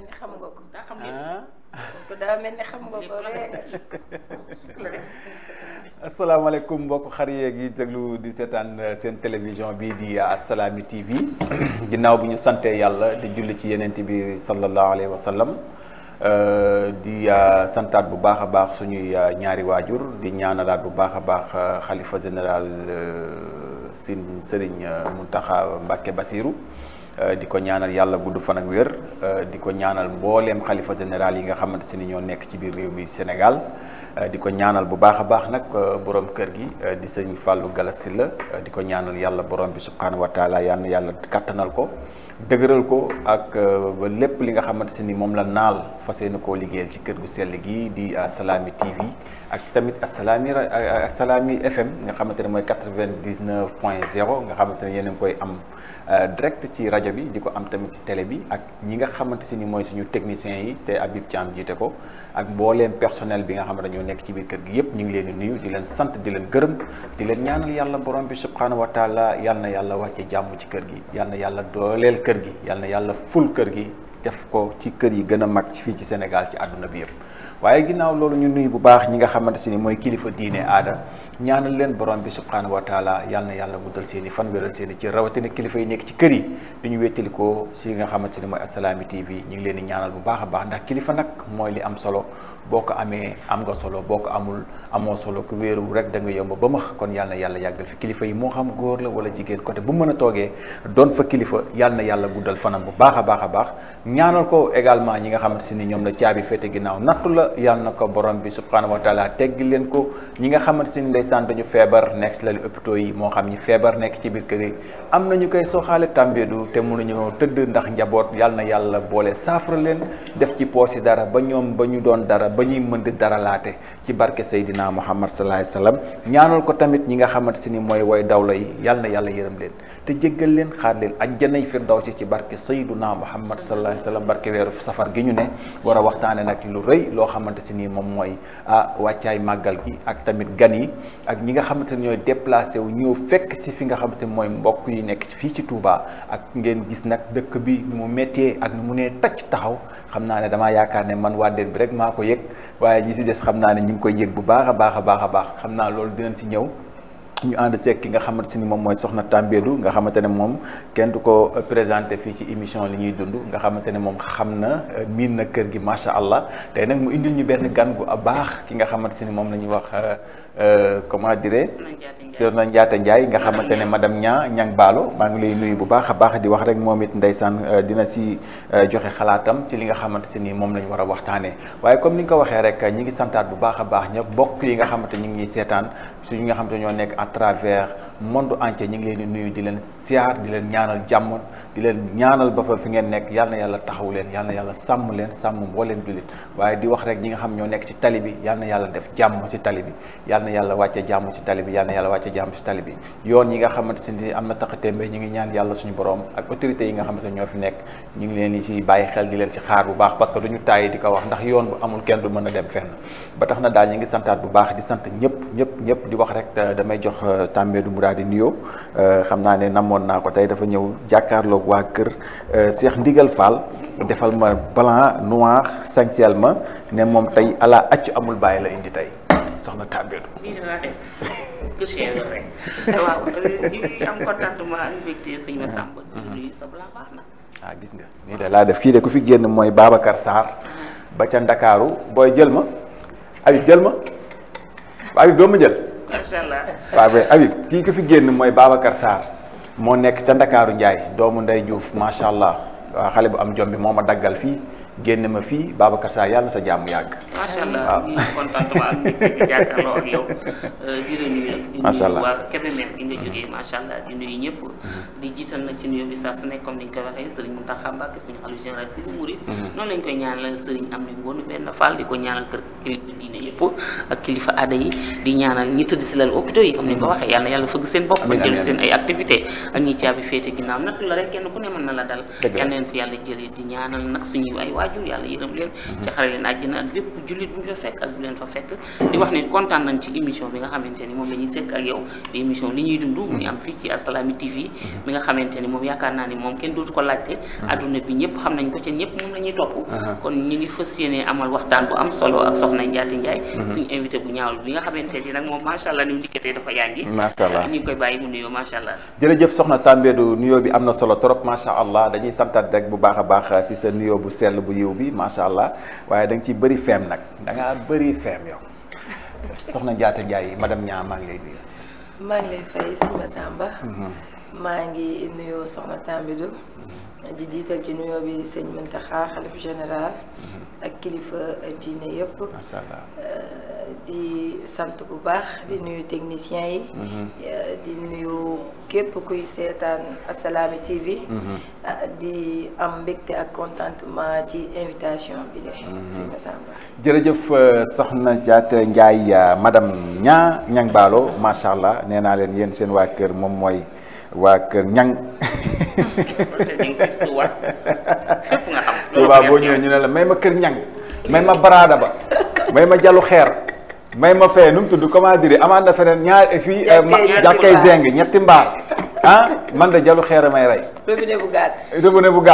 mel ni xam nga ko. Ah. xar yeeg yi déglu di seetaan euh, seen télévision bii di euh, Assalaamy TV ginnaaw bi ñu santee yàlla di julli ci yeneen bi sallallahu alayhi wa sallam euh, di santaat bu baax a baax suñuy ñaari waajur di ñaanalaat bu baax a baax xalifa général sin Serigne Mountakha Mbacké basiiru Euh, di ko ñaanal yàlla gudd fan ak wér euh, di ko ñaanal mbooleem xalifa général yi nga xamante si ni ñoo nekk ci biir réew mi Sénégal euh, di ko ñaanal bu baax a baax nag borom kër gi di sëñ fàllu Galass la di ko ñaanal yàlla borom bi subhaanahu wa taala yal yàlla kattanal ko dëgëral ko ak ba lépp li nga xamante si ni moom la naal fas yéene koo liggéeyal ci kër gu sell gi di Assalaamy TV ak tamit Assalaamy Assalaamy FM nga xamante ne mooy quatre-vingt-dix-neuf point nga xamante ne yéen a ngi koy am Euh, direct ci rajo bi di ko am tamit ci télé bi ak ñi nga xamante si ni mooy suñu technicien yi te Habib Thiam jiite ko ak mbooleem personnel bi nga xam ne dañoo nekk ci biir kër gi yëpp ñu ngi leen di nuyu di leen sant di leen gërëm di leen ñaanal yàlla borom bi subhaanahu wa taala yal na yàlla wàcce jàmm ci kër gi yal yàlla dooleel kër gi yàlla yàlla ful kër gi def ko ci kër yi gën a mag ci fii ci Sénégal ci àdduna bi yëpp waaye ginnaaw loolu ñu nuyu bu baax ñi nga xamante si ni mooy kilifa diine aada ñaanal leen borom bi subhanahu wa taala yal yàlla guddal seen i fan wéral seen i ci rawatina kilifa yi nekk ci kër yi di ñu wéttali ko si nga xamante ne mooy Assalaamy TV ñu a baax ndax nag mooy li am solo boo ko amee am nga solo boo ko amul amoo solo ku wéeru rek da nga yomb ba max kon yal na yàlla yàggal kilifa yi moo xam góor la wala jigéen côté bu mën a toogee doon fa yal na yàlla guddal fanam bu baax a baax a baax ñaanal ko également ñi nga xamante ni ñoom la caabi féete ginnaaw nattu la yal na ko borom bi subhanahu wa taala teggi leen ko ñi nga xamante ni santé ñu feebar nekk si lalu hôpitaux yi moo xam ñi feebar nekk ci biir kër am na ñu koy soxaale tàmbeedu te mënuñoo tëdd ndax njaboot yàlla na yàlla boole saafara leen def ci poos yi dara ba ñoom ba ñu doon dara ba ñuy mën di dara laate ci barke Seydina Muhammad sallallahu alayhi wa sallam ñaanal ko tamit ñi nga xamante si ni mooy way dawla yi yàlla na yàlla yërëm leen te jéggal leen xaar leen ajjanay firdawsi ci barke sayyiduna muhammad sallallahu alayhi wa sallam barke weeru safar gi ñu ne war a waxtaane nag lu rëy loo xamante si nii moom mooy ah wàccaay màggal gi ak tamit gan yi ak ñi nga xamante ni ñooy déplacé wu ñëw fekk ci fi nga xamante mooy mbokk yi nekk fii ci Touba ak ngeen gis nag dëkk bi nu mu mettie ak nu mu nee tacc taxaw xam naa ne damaa yaakaar ne man waa Déet bi rek maa ko yëg waaye ñi si des xam naa ne ñu ngi koy yëg bu baax a baax a baax naa loolu dinañ si ñëw ñu ànd seeg ki nga xamante ni moom mooy soxna Tambédou nga xamante ne moom kenn du ko présenté fii ci émission li ñuy dund nga xamante ne moom xam na euh, miin na kër gi macha allah tey nag mu indi ñu benn gan gu a baax ki nga xamante ni moom la ñuy wax euh, Euh, comment dirais Soxna Ndiata njaay nga xamante ne ma dem ñaa Niang Baalo maa ngi lay nuyu bu baax a baax di wax rek moom it ndey ndeysaan euh, dina si euh, joxe xalaatam ci li nga xamante si nii moom la ñu war a waxtaanee waaye comme ni nga ko waxee rek ñi ngi santaat bu baax a baax ña bokk yi nga xamante ñu ngi seetaan suñu nga xamante ñoo nekk à travers monde entier ñi ngi leen nuyu di leen siyaar di leen ñaanal jàmm di leen ñaanal ba fa fi ngeen nekk yal na yàlla taxaw leen yal na yàlla sàmm leen sàmm mbooleem jullit waaye di wax rek ñi nga xam ñoo nekk ci tali bi yal na yàlla def jàmm ci tali bi yal na yàlla wàcce ci tali bi yal na yàlla wàcce jàmm ci tali bi yoon yi nga xamante ni am na taxatémbe ñu ngi ñaan yàlla suñu borom ak autorités yi nga xamante ñoo fi nekk ñu ngi leen di ci bàyyi xel di leen ci xaar bu baax parce que duñu tàyyi di ko wax ndax yoon bu amul kenn du mën a dem fenn ba tax na daal ñu ngi santaat bu baax di sant ñëpp ñëpp ñëpp di wax rek damay jox euh, Tambédou mu daal di nuyoo euh, xam naa ne namoon naa ko tey dafa ñëw jàkkaarloog waa kër Cheikh Ndigal Fall defal ma blanc noir sañseel ma ne moom tey ala accu amul bàyyi la indi tey soxna Tabeedu. Euh, mm-hmm. ah, nga nii de laa def kii de ku fi génn mooy baabakar Sarr mm-hmm. ba ca Ndakaaru booy jël ma Habib jël ma Habib doo jël. macha allah kii ku fi génn mooy Babacar Sarr moo nekk ca Ndakaaru njaay doomu Ndey Diouf macha allah waa xale bu am jombi moo ma daggal fii. génne ma fii Babacar Sarr yàlla sa jàmm yàgg. macha allah ñu ngi kontaan ak di jàkkaarloo ak yow. Euh, di la di nuyu waa Kébémer gi nga mm-hmm. jógee macha allah di mm-hmm. ci nuyoo ko waxee Serigne Mountakha Mbacké suñu xalifa général bi mu murit. noonu lañ koy ñaanal Serigne am nañ woon benn Fall di ko ñaanal kër kilifa yi di ñaanal ñi tëdd si lal hôpitaux yi comme ni nga ko mm-hmm. féete ginnaaw natt la rek kenn ku ne na la dal. yàlla leen yàlla jëlee di ñaanal nag suñu ay waaj waajur yàlla yërëm leen ci xare leen àjjana ak leen fa fekk di kontaan nañ ci émission bi nga xamante ni moom la ñuy sekk ak yow di dund muy am fii nga xamante ni moom yaakaar naa ni moom kenn dootu ko laajte adduna bi ñëpp nañ ko ñëpp moom la ñuy topp kon ñu ngi fas yéene amal waxtaan bu am solo ak soxna Njaati Njaay mhm. suñu bu ñaawul bi nga xamante ni nag moom macha allah ni mu dikkatee dafa yàngi macha allah ñu ngi koy bàyyi mu nuyoo macha allah jërëjëf soxna Tambédou nuyoo bi am na solo trop macha allah dañuy santaat rek bu baax a baax si sa nuyoo bu sell bu yiw bi macha allah waaye da ci bëri feem nag danga ngaa bëri feem yow soxna Diatta Ndiaye madame Niang maa ngi lay nuyu. maa ngi lay fay sëñ Massamba. Mhm. maa ngi nuyoo soxna Tambidou. Mhm. di jiital ci nuyoo bi sëñ Muntaxa xalif général. Mhm. ak kilifa diine yëpp. macha di sant bu baax di mhm. nuyu technicien yi mhm. di nuyu képp kuy seetaan Assalaamy TV mhm. ah, di am mbégte ak contentement ci invitation bi de sëñ Massamba jërëjëf euh, soxna Diat Ndiaye euh, madame ñaa ñang baalo macha allah nee naa leen yéen seen waa kër moom mooy waa kër ñang Touba boo ñëwee ñu ne la may ma kër ñang may ma baraada ba may ma jalu xeer may ma fee nu mu tudd comment dire amaat na feneen ñaar fi euh, jàkkay zeng ñetti mbaar ah man da jalu xeer may rey. bu gàtt. robinet bu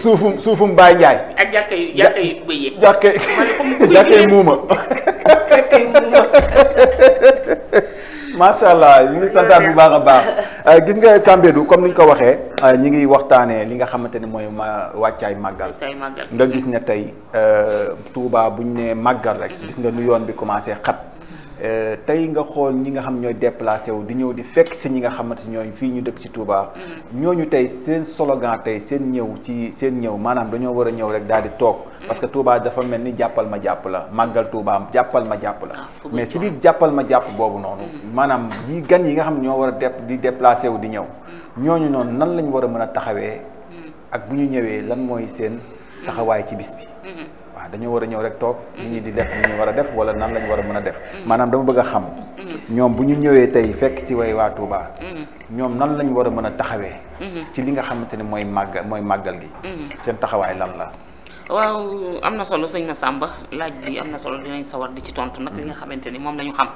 suufum suufum Baye Ndiaye. ak jàkka muuma. macha allah yi ngi santaat bu baax a baax euh, gis nga Sambédou comme ni ñu ko waxee euh, ñi ngi waxtaanee li nga xamante ne mooy wàccaay màggal nga gis ne tey euh, Touba bu ñu nee màggal rek mm-hmm. gis nga nu yoon bi commencé xat Euh, tey nga xool ñi nga xam ñooy déplacé wu di ñëw di fekk si ñi nga xamante ñooñu fii ñu dëkk si Touba. Mm. ñooñu tey seen slogan tey seen ñëw ci seen ñëw maanaam dañoo war a ñëw rek daal di toog. Mm. parce que Touba dafa mel ni jàppal ma jàpp la màggal Touba jàppal ma jàpp la. Ah, mais si biir jàppal ma jàpp boobu noonu. Mm. maanaam yi gan yi nga xam ñoo war a depp di déplacé wu di ñëw. ñooñu noonu nan lañ war a mën a taxawee. ak bu ñu ñëwee lan mooy seen taxawaay ci bis bi. Mm-hmm. dañoo war a ñëw rek toog mm-hmm. nit ñi di def ni ñu war a def wala nan lañu war a mën a def mm-hmm. maanaam dama bëgg a xam mm-hmm. ñoom bu ñu ñëwee tey fekk si way waa ñoom nan lañu war a mën a taxawee ci li nga xamante ne mooy màgg mooy màggal gi seen taxawaay lan la waaw am na solo sëñ Massamba laaj bi am na solo dinañ sawar di ci tontu nag li nga xamante ni moom la ñu xam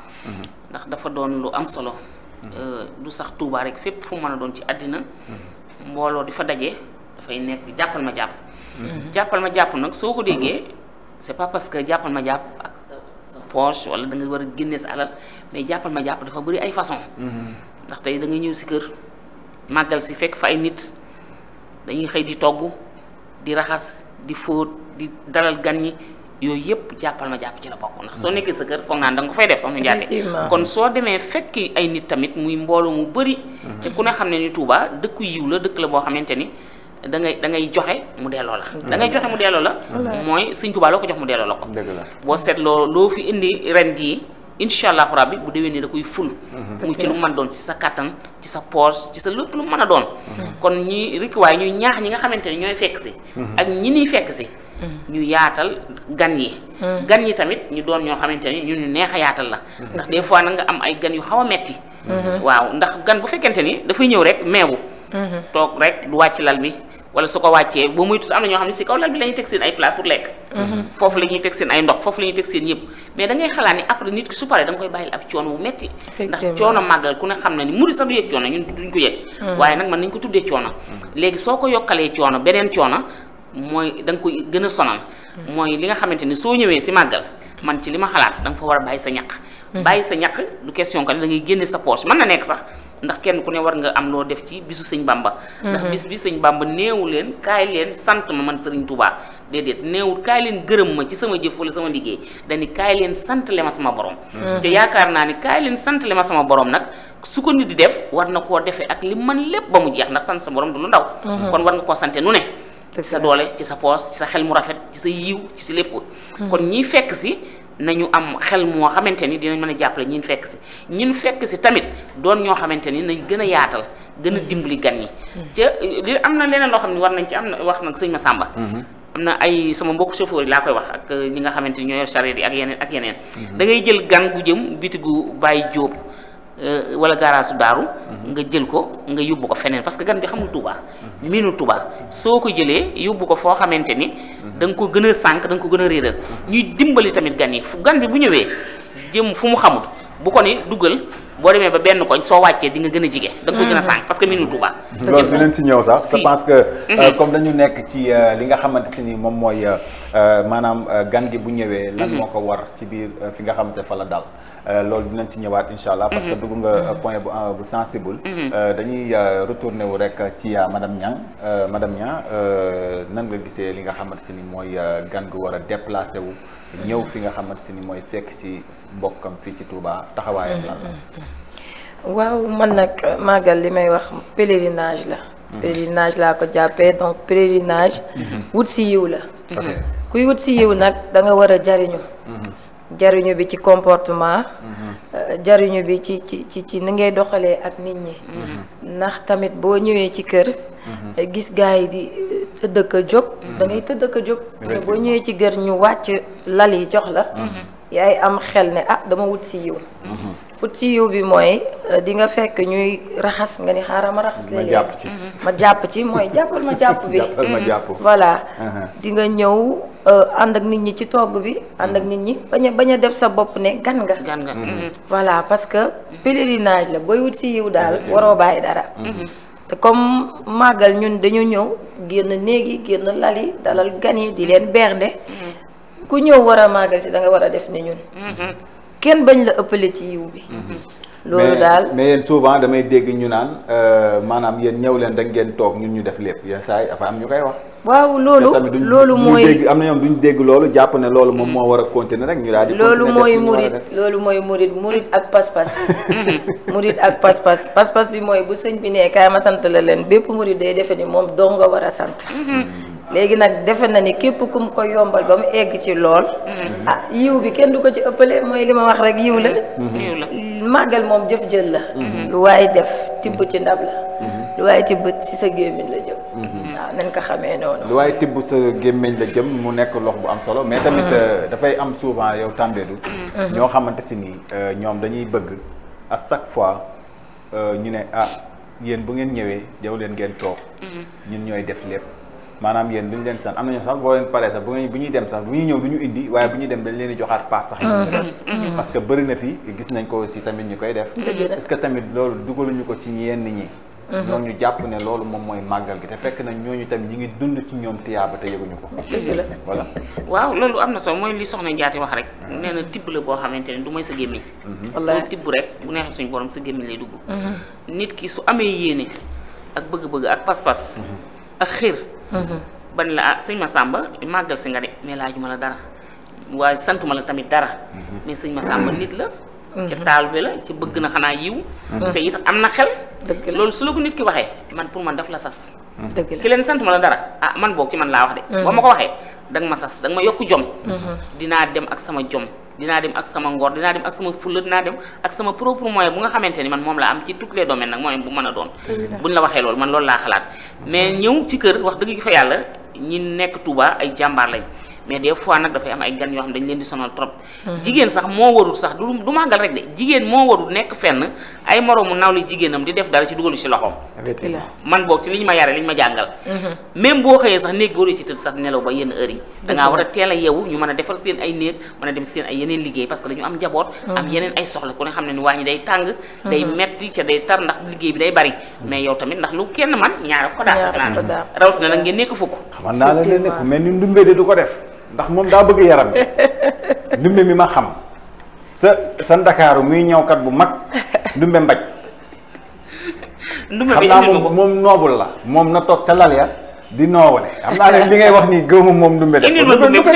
ndax dafa doon lu am solo euh, du sax Touba rek fépp fu mën a doon ci àddina mbooloo di fa daje dafay nekk jàppal ma jàpp jàppal ma jàpp nag soo ko déggee c'est pas parce que jàppal ma jàpp ak sa sa poche wala da war a génne sa alal mais jàppal ma jàpp dafa bëri ay façon mm-hmm. ndax tey dangay ñëw si kër màggal si fekk fa ay nit dañuy xëy di togg di raxas di fóot di dalal gan ñi yooyu yëpp jàppal ma jàpp ci la bokk ndax soo mm-hmm. nekkee sa kër foog naan da nga ko fay def soxna Njaate kon soo demee fekki ay nit tamit muy mbooloo mu bëri te mm-hmm. ku ne xam ne ni Touba dëkk yiw la dëkk la boo xamante ni da ngay da ngay joxe mu delloo la da ngay joxe mu delloo la mooy sëñ Tuubaa loo ko jox mu delloo la ko boo seetloo loo fi indi ren jii incha allahu bi bu déwénee da koy ful mhm. mu ci lu mën doon ci sa kattan ci sa poche ci sa lépp lu mën a doon mhm. kon ñi rikkiwaay ñuy ñaax ñi nga xamante ne ñooy fekk si mhm. ak ñi niy fekk si Mm. ñu yaatal gan yi mm. gan yi tamit ñu doon ñoo xamante ni ñu ñu neex a yaatal la mm. ndax des fois nag nga am ay gan yu xaw a metti mm-hmm. waaw ndax gan bu fekkente ni dafay ñëw rek meewu mm-hmm. toog rek du wàcc lal bi wala su ko wàccee boo muy tuuti ñoo xam si kaw lal la ñuy teg seen ay lekk mm-hmm. foofu la ñuy teg seen ay ndox foofu la ñuy teg seen yëpp mais da ngay xalaat ni après nit ki su paree da nga koy bàyyil ab coono bu metti ndax coono màggal ku ne xam ne ni murid sax du yëg coono ñun duñ ko yëg waaye nag mën nañ ko tuddee coono léegi soo ko yokkalee coono beneen coono mooy da nga koy gën a sonal mooy li nga xamante ni soo ñëwee si màggal man ci li ma xalaat danga fa war a bàyyi sa ñaq hmm. bàyyi sa ñaq du question que ne da ngay génne sa poche mën na nekk sax ndax kenn ku ne war nga am loo def ci bisu sëñ Bamba hmm. ndax bi sëñ Bamba néewu leen kaay leen sant ma man sëriñ Touba déedéet néewul kaay leen gërëm ci sama jëf sama liggéey dañi kaay leen sant ma sama borom hmm. te yaakaar naa ni kaay leen sant ma sama borom nag su ko nit di def war na koo defee ak li man lépp ba mu jeex ndax sant sa borom du lu ndaw kon war nga koo sante nu ne ci sa doole ci sa poos ci sa xel mu rafet ci sa yiw ci si lépp hmm. kon ñiy fekk si nañu am xel moo xamante ni dinañ mën a jàppale ñin fekk si ñin fekk si tamit doon ñoo xamante ni nañ gën a yaatal gën a hmm. dimbali gan ñi hmm. ca li am na leneen loo xam ne war nañ ci am na wax nag sëñ Massamba am na ay sama mbokk chauffeur yi laa koy wax ak ñi nga xamante ni ñooy yor yi ak yeneen ak yeneen da ngay jël gan gu jëm bitigu bàyyi Jóob Euh, wala garage su daaru nga jël ko nga yóbbu ko feneen parce que gan bi xamul Touba miinu Touba soo ko jëlee yóbbu ko foo xamante ni da nga ko gën a sànq da nga ko gën a réeral ñuy dimbali tamit gan fu gan bu ñëwee jëm fu mu xamul bu ko ni duggal boo demee ba benn koñ soo wàccee di nga gën a jige da nga gën a sànq parce que miinu Touba loolu dinañ si ñëw sax je pense que euh, mm-hmm. comme dañu nekk ci euh, li nga xamante si ni moom mooy maanaam gan gi bu ñëwee lan mm-hmm. moo ko war ci biir fi nga xamante fa la dal Euh, loolu dinañ ci ñëwaat incha allah. parce que mm-hmm. dugg nga mm-hmm. euh, point bu euh, bu sensible. Mm-hmm. dañuy retourné wu rek ci madame Niang madame Niang nan nga gisee li nga xamante ni mooy gan gu war a déplacé wu. ñëw fi nga xamante ni mooy fekk ci mbokkam fii ci Touba taxawaayam lan la. waaw man nag màggal li may wax pèlerinage la. pèlerinage laa ko jàppee donc pèlerinage. wut si yiw la. kuy wut si yiw nag da war a jariñu. jariñu bi ci comportement mhm. euh, jariñu bi ci ci ci ci ni ngay doxalee ak nit ñi mhm. ndax tamit boo ñëwee ci kër mhm. euh, gis gaa yi di euh, tëdd ka jóg dangay ngay tëdd ka jóg te boo ñëwee ci kër ñu wàcc lal yi jox la yaay am xel ne ah dama wut si yiw wut si yiw bi mooy di nga fekk ñuy raxas nga ni xaaral ma raxas léegi ma jàpp ci mooy jàppal ma jàpp bi voilà di nga Euh, ànd ak nit ñi ci togg bi ànd ak mm-hmm. nit ñi bañ a bañ a def sa bopp ne gan nga gan nga mm-hmm. Mm-hmm. voilà parce que pèlerinage la booy wut si yiw daal waroo bàyyi dara te comme màggal ñun dañu ñëw génn néegi génn lali dalal gan yi di leen beer bernde ku ñëw war a màggal si da war a def ne ñun kenn bañ la ëppale ci yiw bi loolu daal mais yéen souvent damay dégg ñu naan euh, maanaam yéen ñëw leen da ngeen toog ñun ñu def lépp yenn saa yi dafa am ñu koy wax. waaw loolu loolu mooy am na ñoom duñ dégg loolu jàpp ne loolu moom moo war a continuer rek ñu daal di. loolu mooy murit loolu mooy murit murit ak pas-pas. murit ak pas-pas pas-pas bi mooy bu sëñ bi ne kaay ma sant la leen bépp murit day defe ni moom dong nga war a sant. Mm-hmm. léegi nag defe na ni képp kum ko yombal ba mu egg ci lool. Mm-hmm. ah yiw bi kenn du ko ci ëppale mooy li ma wax rek yiw la. Mm-hmm. Mm-hmm. màggal moom jëf jël la. lu waaye def tibb ci ndab la. lu waaye tibb si sa gémmiñ la jëm. waaw ah, nañ ko xamee noonu. lu waaye tibb sa gémmiñ la jëm mu nekk lox bu am solo. mais tamit euh, dafay am souvent yow tàmbeedu. ñoo xamante si ni euh, ñoom dañuy bëgg à chaque fois euh, ñu ne ah yéen bu ngeen ñëwee jaw leen ngeen toog. ñun ñooy def lépp. maanaam yéen duñ leen sant am nañu sax boo leen paree sax bu ngeen bu ñuy dem sax bu ñuy ñëw du ñu indi waaye bu ñuy dem dañ leen di joxaat paas sax parce que bëri na fi gis nañ ko aussi tamit ñu koy def est-ce que tamit loolu dugaluñu ko ci yenn ñi ñooñu jàpp ne loolu moom mooy màggal gi te fekk na ñooñu tamit ñi ngi dund ci ñoom tiyaaba te yëguñu ko dëgg la voilà loolu am na solo mooy li soxna Njaati wax rek nee na tibb la boo xamante ne du mooy sa gémmiñ mhm. loolu tibb rek bu neexee suñu borom sa gémmiñ lay dugg mhm. nit ki su amee yéene ak bëgg-bëgg ak pas-pas mhm. ak xër mhm. ban la ah sëñ Massamba màggal si nga de mais laa laajuma la dara waaye santuma la tamit dara mhm. mais sëñ Massamba nit la mhm. ca taal bi la ci bëgg na xanaa yiw te it am na xel dëgg la loolu su la ko nit ki waxee man pour man daf la sas dëgg la ki leen santuma la dara ah man boog ci man laa wax de boo ma ko waxee danga ma sas danga ma yokk jom dinaa dem ak sama jom dinaa dem ak sama ngor dinaa dem ak sama fulla dinaa dem ak sama propre moyen bu nga xamante ni man moom laa am ci tous les domaines nag moyen bu mën a doon buñ la waxee loolu man loolu laa xalaat mais ñëw ci kër wax dëgg gi fa yàlla ñi nekk Touba ay jàmbaar lañ mais des fois nag dafay am ay gan yoo xam dañ leen di sonal trop. Mhm. jigéen sax moo warul sax du du rek de jigéen moo warul nekk fenn ay moroomu nawle jigéenam di def dara ci dugalu ci loxoom. man boog ci li ñu ma yare li ñu ma mhm. da a teel a a defar seen ay néeg mën a dem seen ay yeneen liggéey parce dañu am njaboot. Mhm. am yeneen ay soxla ku ne xam ne ni waa ñi day tàng. day metti ca day tar ndax liggéey bi day bari. mais yow tamit ndax lu kenn man ñaar ko daal. ndax moom daa bëgg yaram ndumbe mi ma xam sa sa ndakaaru muy ñëwkat bu mag ndumbe mbaj ndumbe bi xam naa moom moom noobul la moom na toog ca lal ya di noowale xam naa ne li wax nii gëwma moom ndumbe def indil ma ndumbe bu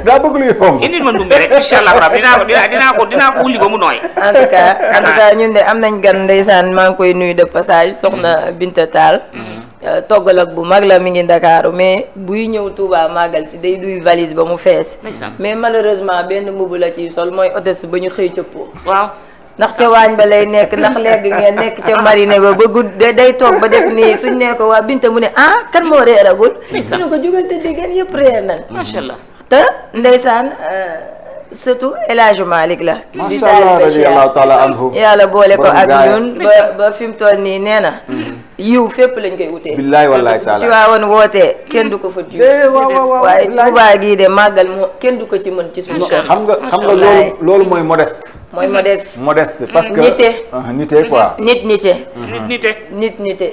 daa bëgg lu yomb indil ma ndumbe rek incha allah rab dinaa ko dinaa ko dinaa ba mu nooy en tout ah. ñun de am nañ gan ndeysaan maa ngi koy nuyu de passage soxna Binta Tall mm-hmm. Euh, toggalak bu mag la mi ngi ndakaaru mais buy ñëw Touba màggal si day duy valise ba mu fees mais malheureusement benn mbubb la ciy sol mooy hôtesse ba ñu xëy cëppoo waaw ndax ca waañ ba lay nekk ndax léegi ngeen nekk ca marine ba ba gudd day toog ba def nii suñ nee ko waa Binta mu ne ah kan moo reeragul ñu ne ko jógal tëdd ngeen yëpp reer nañ macha te ndeysaan euh, surtout El Hadj Malick la. macha allah radiyallahu taala anhu yàlla boole ko ak ñun ba ba fi mu toll nii nee na. Mm-hmm. yiw fépp lañ koy wutee. billaay wallaay taala Tiwaawoon wootee kenn du ko fa. Mm-hmm. Eh, waaye Tuubaa gii de màggal moo kenn du ko ci mën ci suñu xam nga xam nga loolu loolu mooy modeste. mooy modeste. modeste mm-hmm. parce que nite. Ah, nite quoi. nit nite. nit nite. nit nite.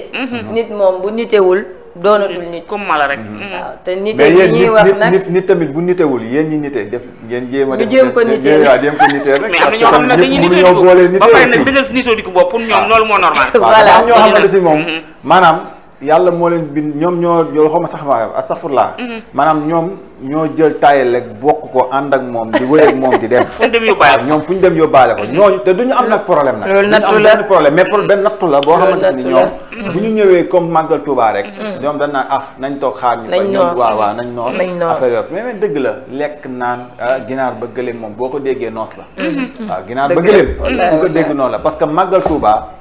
nit moom bu nitewul. doonatul nit comme mala rek. Mm-hmm. Mm. waaw te nit ñi wax nag tamit bu nitewul yéen ñi nite def ngeen jéem a. def jéem ko ko nitee rek. ñoo xam ne dañuy nitee di ko ba pare nag dëggal si nitee di ko bopp pour ñoom loolu moo normal. voilà ñoo xam ne si moom mm-hmm. maanaam. yàlla moo leen bind ñoom ñoo ñoo xaw ma sax ma astafurlaa mm-hmm. maanaam ñoom ñoo jël taayal rek bokk ko ànd ak moom di wéy ak moom di dem ñoom fu ñu dem yóbbaale ko mm-hmm. ñooñu te duñu am nag problème nag duñu am benn problème mais problème nattu la boo xamante ni ñoom mm-hmm. bu ñu ñëwee comme màggal Tuubaa rek ñoom dañ naan ah nañ toog xaar ñu fa ñoom waaw waaw nañ noos affaire yo mais mais dëgg la lekk naan ah, ginaar ba gëléem moom boo ko déggee noos la waaw ginaar ba gëléem bu ko dégg noonu la parce que màggal Tuubaa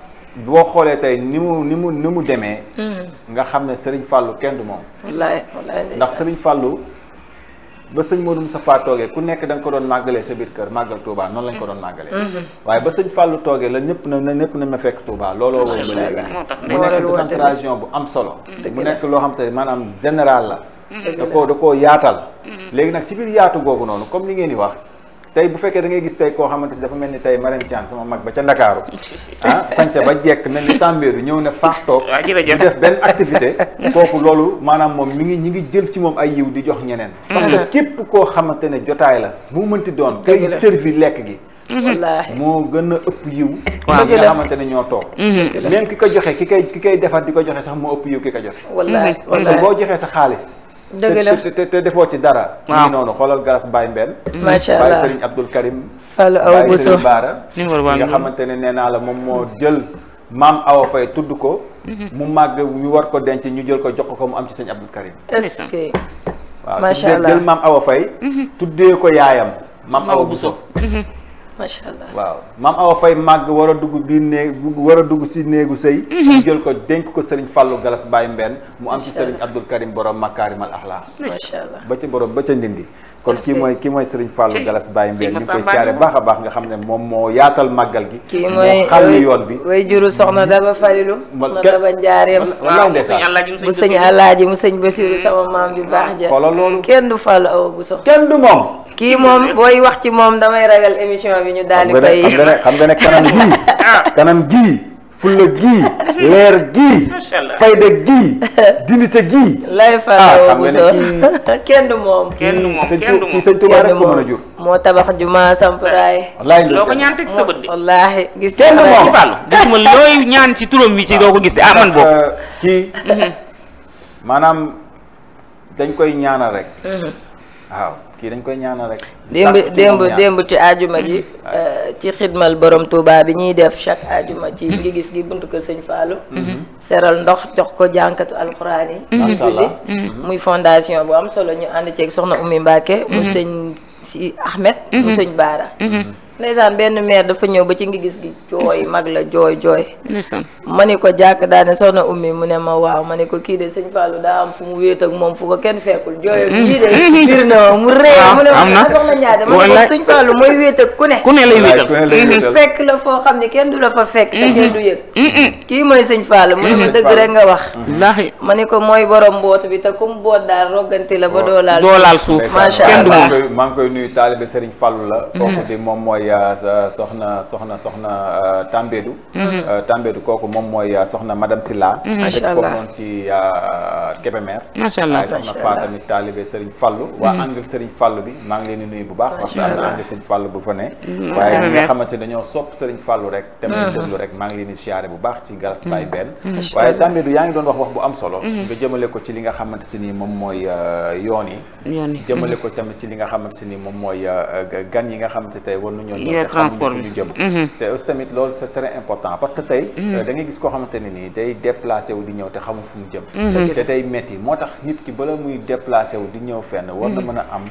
boo xoolee tey ni mu ni mu ni mu demee. Mm-hmm. nga xam ne Serigne fàllu kenn du moom. wallaay wallaay ndax Serigne Fallou ba sëñ sa Moustapha toogee ku nekk da ko doon màggalee sa biir kër màggal Touba noonu lañ ko doon màggalee. Mm-hmm. waaye ba sëñ fàllu toogee la ñëpp na ñëpp na ma fekk Touba looloo. wóor la léegi mu nekk décentralisation bu am solo. Mm-hmm. mu nekk loo xam te maanaam général la. da koo da ko yaatal. léegi nag ci biir yaatu googu noonu comme li ngeen di wax. tey bu fekkee da ngay gis tey koo xamante si dafa mel ni tey Marème Thiam sama mag ba ca Ndakaaru ah sañse ba jekk mel ni tàmbeeru ñëw ne faax toog di def benn activité kooku loolu maanaam moom mi ngi ñi ngi jël ci moom ay yiw di jox ñeneen mm. parce que képp koo xamante ne jotaay la mu mënti doon kay servi lekk gi mm-hmm. wallaahi moo gën a ëpp yiw waaw nga xamante ne ñoo toog mm-hmm. même ki ko joxe ki koy ki koy defar di ko joxe sax moo ëpp yiw ki ko joxe wallaahi boo joxee sa xaalis dëgg te defoo ci dara. waaw noonu xoolal galas Baye Mbène. macha allah Baye Serigne Abdoul Karim. Fallou Awa Bousso nga xamante ne nee naa la moom moo jël maam Awa Faye tudd ko. Mhm. mu màgg ñu war ko denc ñu jël ko jox ko mu am ci sëñ Abdoul Karim. est-ce que macha allah jël maam Awa Faye. Mhm. tuddee ko yaayam maam Awa Bousso. Mhm. macha allah waaw ma Awa Faye màgg war a dugg biir néeg war a dugg si néegu sëy mhm. ñu jël ko dénk ko Serigne Fallou Galas Baye Mbenn mu am ci Serigne Abdoul Karim borom Makaarimal Axlaa macha allah ba ca borom ba ca Ndindi kon kii mooy kii mooy Serigne Fallou Galas Baye Mbène ñu koy siyaare baax a baax nga xam ne moom moo yaatal màggal gi. kii mooy xam yoon bi. way juru soxna mm-hmm. Daba Falilu. soxna Daba Njaareem. waaw mu sëñ Alaaji mu sëñ Alaaji mu sëñ Basiru mm-hmm. sama maam ju baax ja. xoolal loolu kenn du Fallou Awa bu sox kenn du moom. kii moom booy wax ci moom damay ragal émission bi ñu daal di koy. xam nga ne kanam gii ah. kanam gii. fulla gii leer gii fayda gii dignité gii lay faral kenn du kenn du moom kenn du moom rek ko moo tabax juma sampuraay wallaahi doo ko ñaan teg sa bët de wallaahi gis kenn du ñaan ci turam bi ci ah. doo ko gis de ah man boobu euh, kii mhm. maanaam dañ koy ñaanal rek mhm. waaw kii dañ koy ñaanal rek. démb démb démb ci ajuma ji mm-hmm. euh, ci xidmal borom Touba bi ñuy def chaque ajuma ci ngi gis gi buntu ko sëñ Fallou. Mm-hmm. seral ndox jox ko jànkatu alxuraan yi. Mm-hmm. muy fondation bu am solo ñu ànd ceeg soxna Oumy Mbacke. mu sëñ si Ahmed. mu sëñ Baara. ndeysaan benn maire dafa ñëw ba ci ngi gis gi jooy mag la jooy jooy ma ni ko jàkk daane soxna ummi mu ne ma waaw ma ni ko kii de sëñ Fallou daa am fu mu moom fu kenn fekkul jooyal yii mm-hmm. mu ree ah, ne ma ah, soxna ñaade ma ne ko sëñ mooy wéet ak ku ne ku ne lay wéet mm-hmm. fekk la foo xam ne kenn du la fa fekk te mm-hmm. kii mooy sëñ Fallou mu ne ma dëgg rek nga wax ma ni ko mooy borom mboot bi te kum boot daal rogganti la ba doo laal suuf macha allah maa ngi koy nuyu taalibe sëriñ Fallou la kooku di moom mooy mooy euh, soxna soxna soxna euh, Tambédou mhm. euh, Tambédou kooku moom mooy soxna madame Silla macha mhm, allah noonu ci Kébémer macha allah waaye soxna Fatou tamit taalibe Serigne Fallou waa mhm. angle Serigne Fallou bi maa ngi leen di nuyu bu na angle Serigne Fallou bu fa ne waaye ñi nga xamante dañoo sopp Serigne Fallou rek te may déglu rek maa ngi leen siyaare bu baax ci garas bay benn waaye Tambédou yaa ngi doon wax wax bu am solo nga jëmale ko ci li nga xamante si nii moom mooy yoon yi jëmale ko tamit ci li nga xamante si nii moom mooy gan yi nga xamante tey war nañoo transport bi jëm mhm. te aussi tamit loolu c'est très important parce que tey mhm. euh, da ngay gis koo xamante ne nii day déplacé wu di ñëw te xamul fu mu jëm mhm. te day metti moo tax nit ki bala muy déplacé wu di ñëw fenn war na mën a am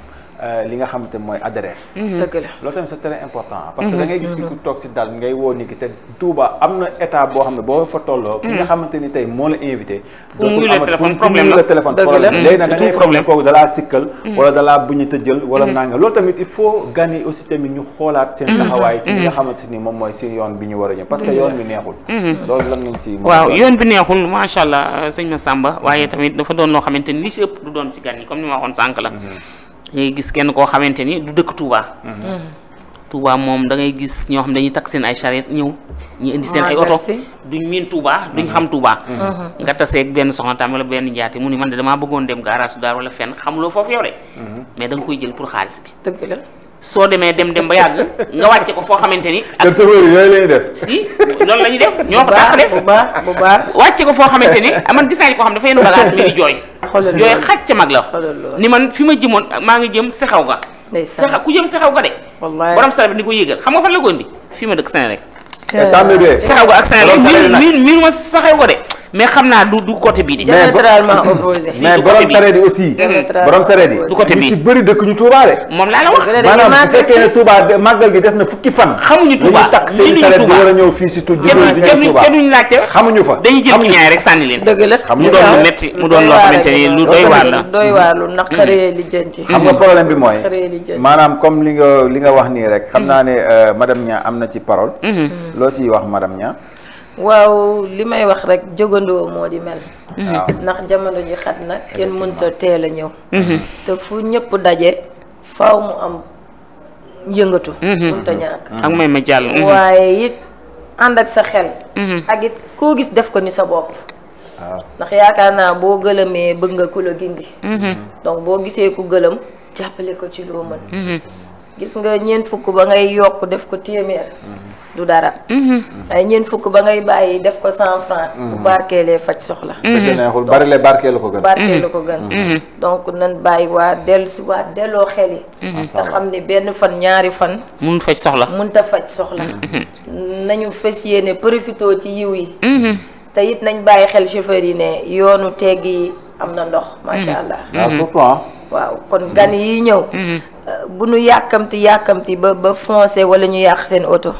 Euh, li nga xamante mooy adresse. Mhm. loolu tamit c'est très important. Ah. parce que mhm. da gis ki mhm. toog ci daal ngay woo nit ki te Touba am na état boo xam ne boo fa tolloo. ki nga xamante ni tey moo la invité. pour mu la téléphone problème la téléphone problème léegi nag da ngay moom mooy si yoon bi ñu war a ñëw parce que yoon bi neexul. loolu allah euh, sëñ Massamba waaye tamit dafa doon loo xamante ni si ëpp du doon si gan yi comme ni ma waxoon sànq ngay gis kenn koo xamante ni du dëkk Touba. Mhm. Touba moom da ngay gis ñoo xam dañuy takk seen ay charrette ñëw ñu indi seen ay oto duñ miin Touba duñ mhm. xam Touba. Mhm. nga taseeg benn soxna tam benn njaati mu ni man de damaa bëggoon dem garage Daaru wala fenn xamuloo foofu yow mais da koy jël pour xaalis bi. dëgg soo demee dem dem ba yàgg nga wàcce ko foo xamante ni. ak chauffeur yooyu lay si loolu la ñuy def ñoo ko dàq def bu wàcce ko foo xamante ni ah, man gis naa ko xam dafa yenn bagage mi di jooy. xoolal jooy xàcc mag la. ni man fi ma jëmoon maa ngi jëm sexaw ga. ndeysaan sexa ku jëm sexaw ga de. wallaay borom sara bi ni ko yéegal xam nga fan la ko indi fi ma dëkk Sénégal. tànn de sexaw ga ak Sénégal miin miin ma sexaw ko de. mais xam naa du du côté bii de. diamétralement opposé. mais borom sareet yi aussi. borom sareet du côté bii bëri dëkk ñu Touba de. moom laa la wax. maanaam bu fekkee ne Touba màggal gi def na fukki fan. xamuñu Touba li takk seen sareet bi war a ñëw fii si Touba. duñ laajte xamuñu fa. dañuy jël ci rek sànni leen. dëgg la mu doon lu metti mu doon loo xamante ni lu doy waar la. doy waar lu naqaree mm. li jën ci. Mm. xam nga problème bi mooy maanaam comme li nga li nga wax nii rek. xam mm. naa ne euh, madame ñaa am na ci parole. Mm-hmm. loo ciy wax madame Nia waaw li may wax rek jógandoo moo di mel. Mhm. ndax jamono ji xat na kenn mënta teel a ñëw. Mhm. te fu ñëpp daje faaw mu am yëngatu. Mhm. mënta ñàkk ak may ma jàll. waaye it ànd ak sa xel. ak it koo gis def ko ni sa bopp. Ah. ndax yaakaar naa boo gëlëmee bëgg nga ku la gindi. donc boo gisee ku gëlëm jàppale ko ci loo mën. gis nga ñeent fukk ba ngay yokk def ko téeméer. du dara. Mm-hmm. ay ñeent fukk ba ngay bàyyi def ko cent franc. Mm-hmm. bu barkeelee faj soxla. Mm-hmm. dëgg neexul bari la ko gën. barkeelu ko gën. donc nan bàyyi waa dellu si waa delloo xel yi. te xam ne benn fan ñaari fan. mun faj soxla munta faj soxla. nañu fas yéene profité ci yiw yi. te it nañ bàyyi xel chauffeur yi ne yoonu teggi. am na ndox macha mm-hmm. allah. waaw mm-hmm. waaw kon gan yi ñëw. Mm-hmm. bu nu yàkkamti yàkkamti ba ba foncé wala ñu yàq seen oto.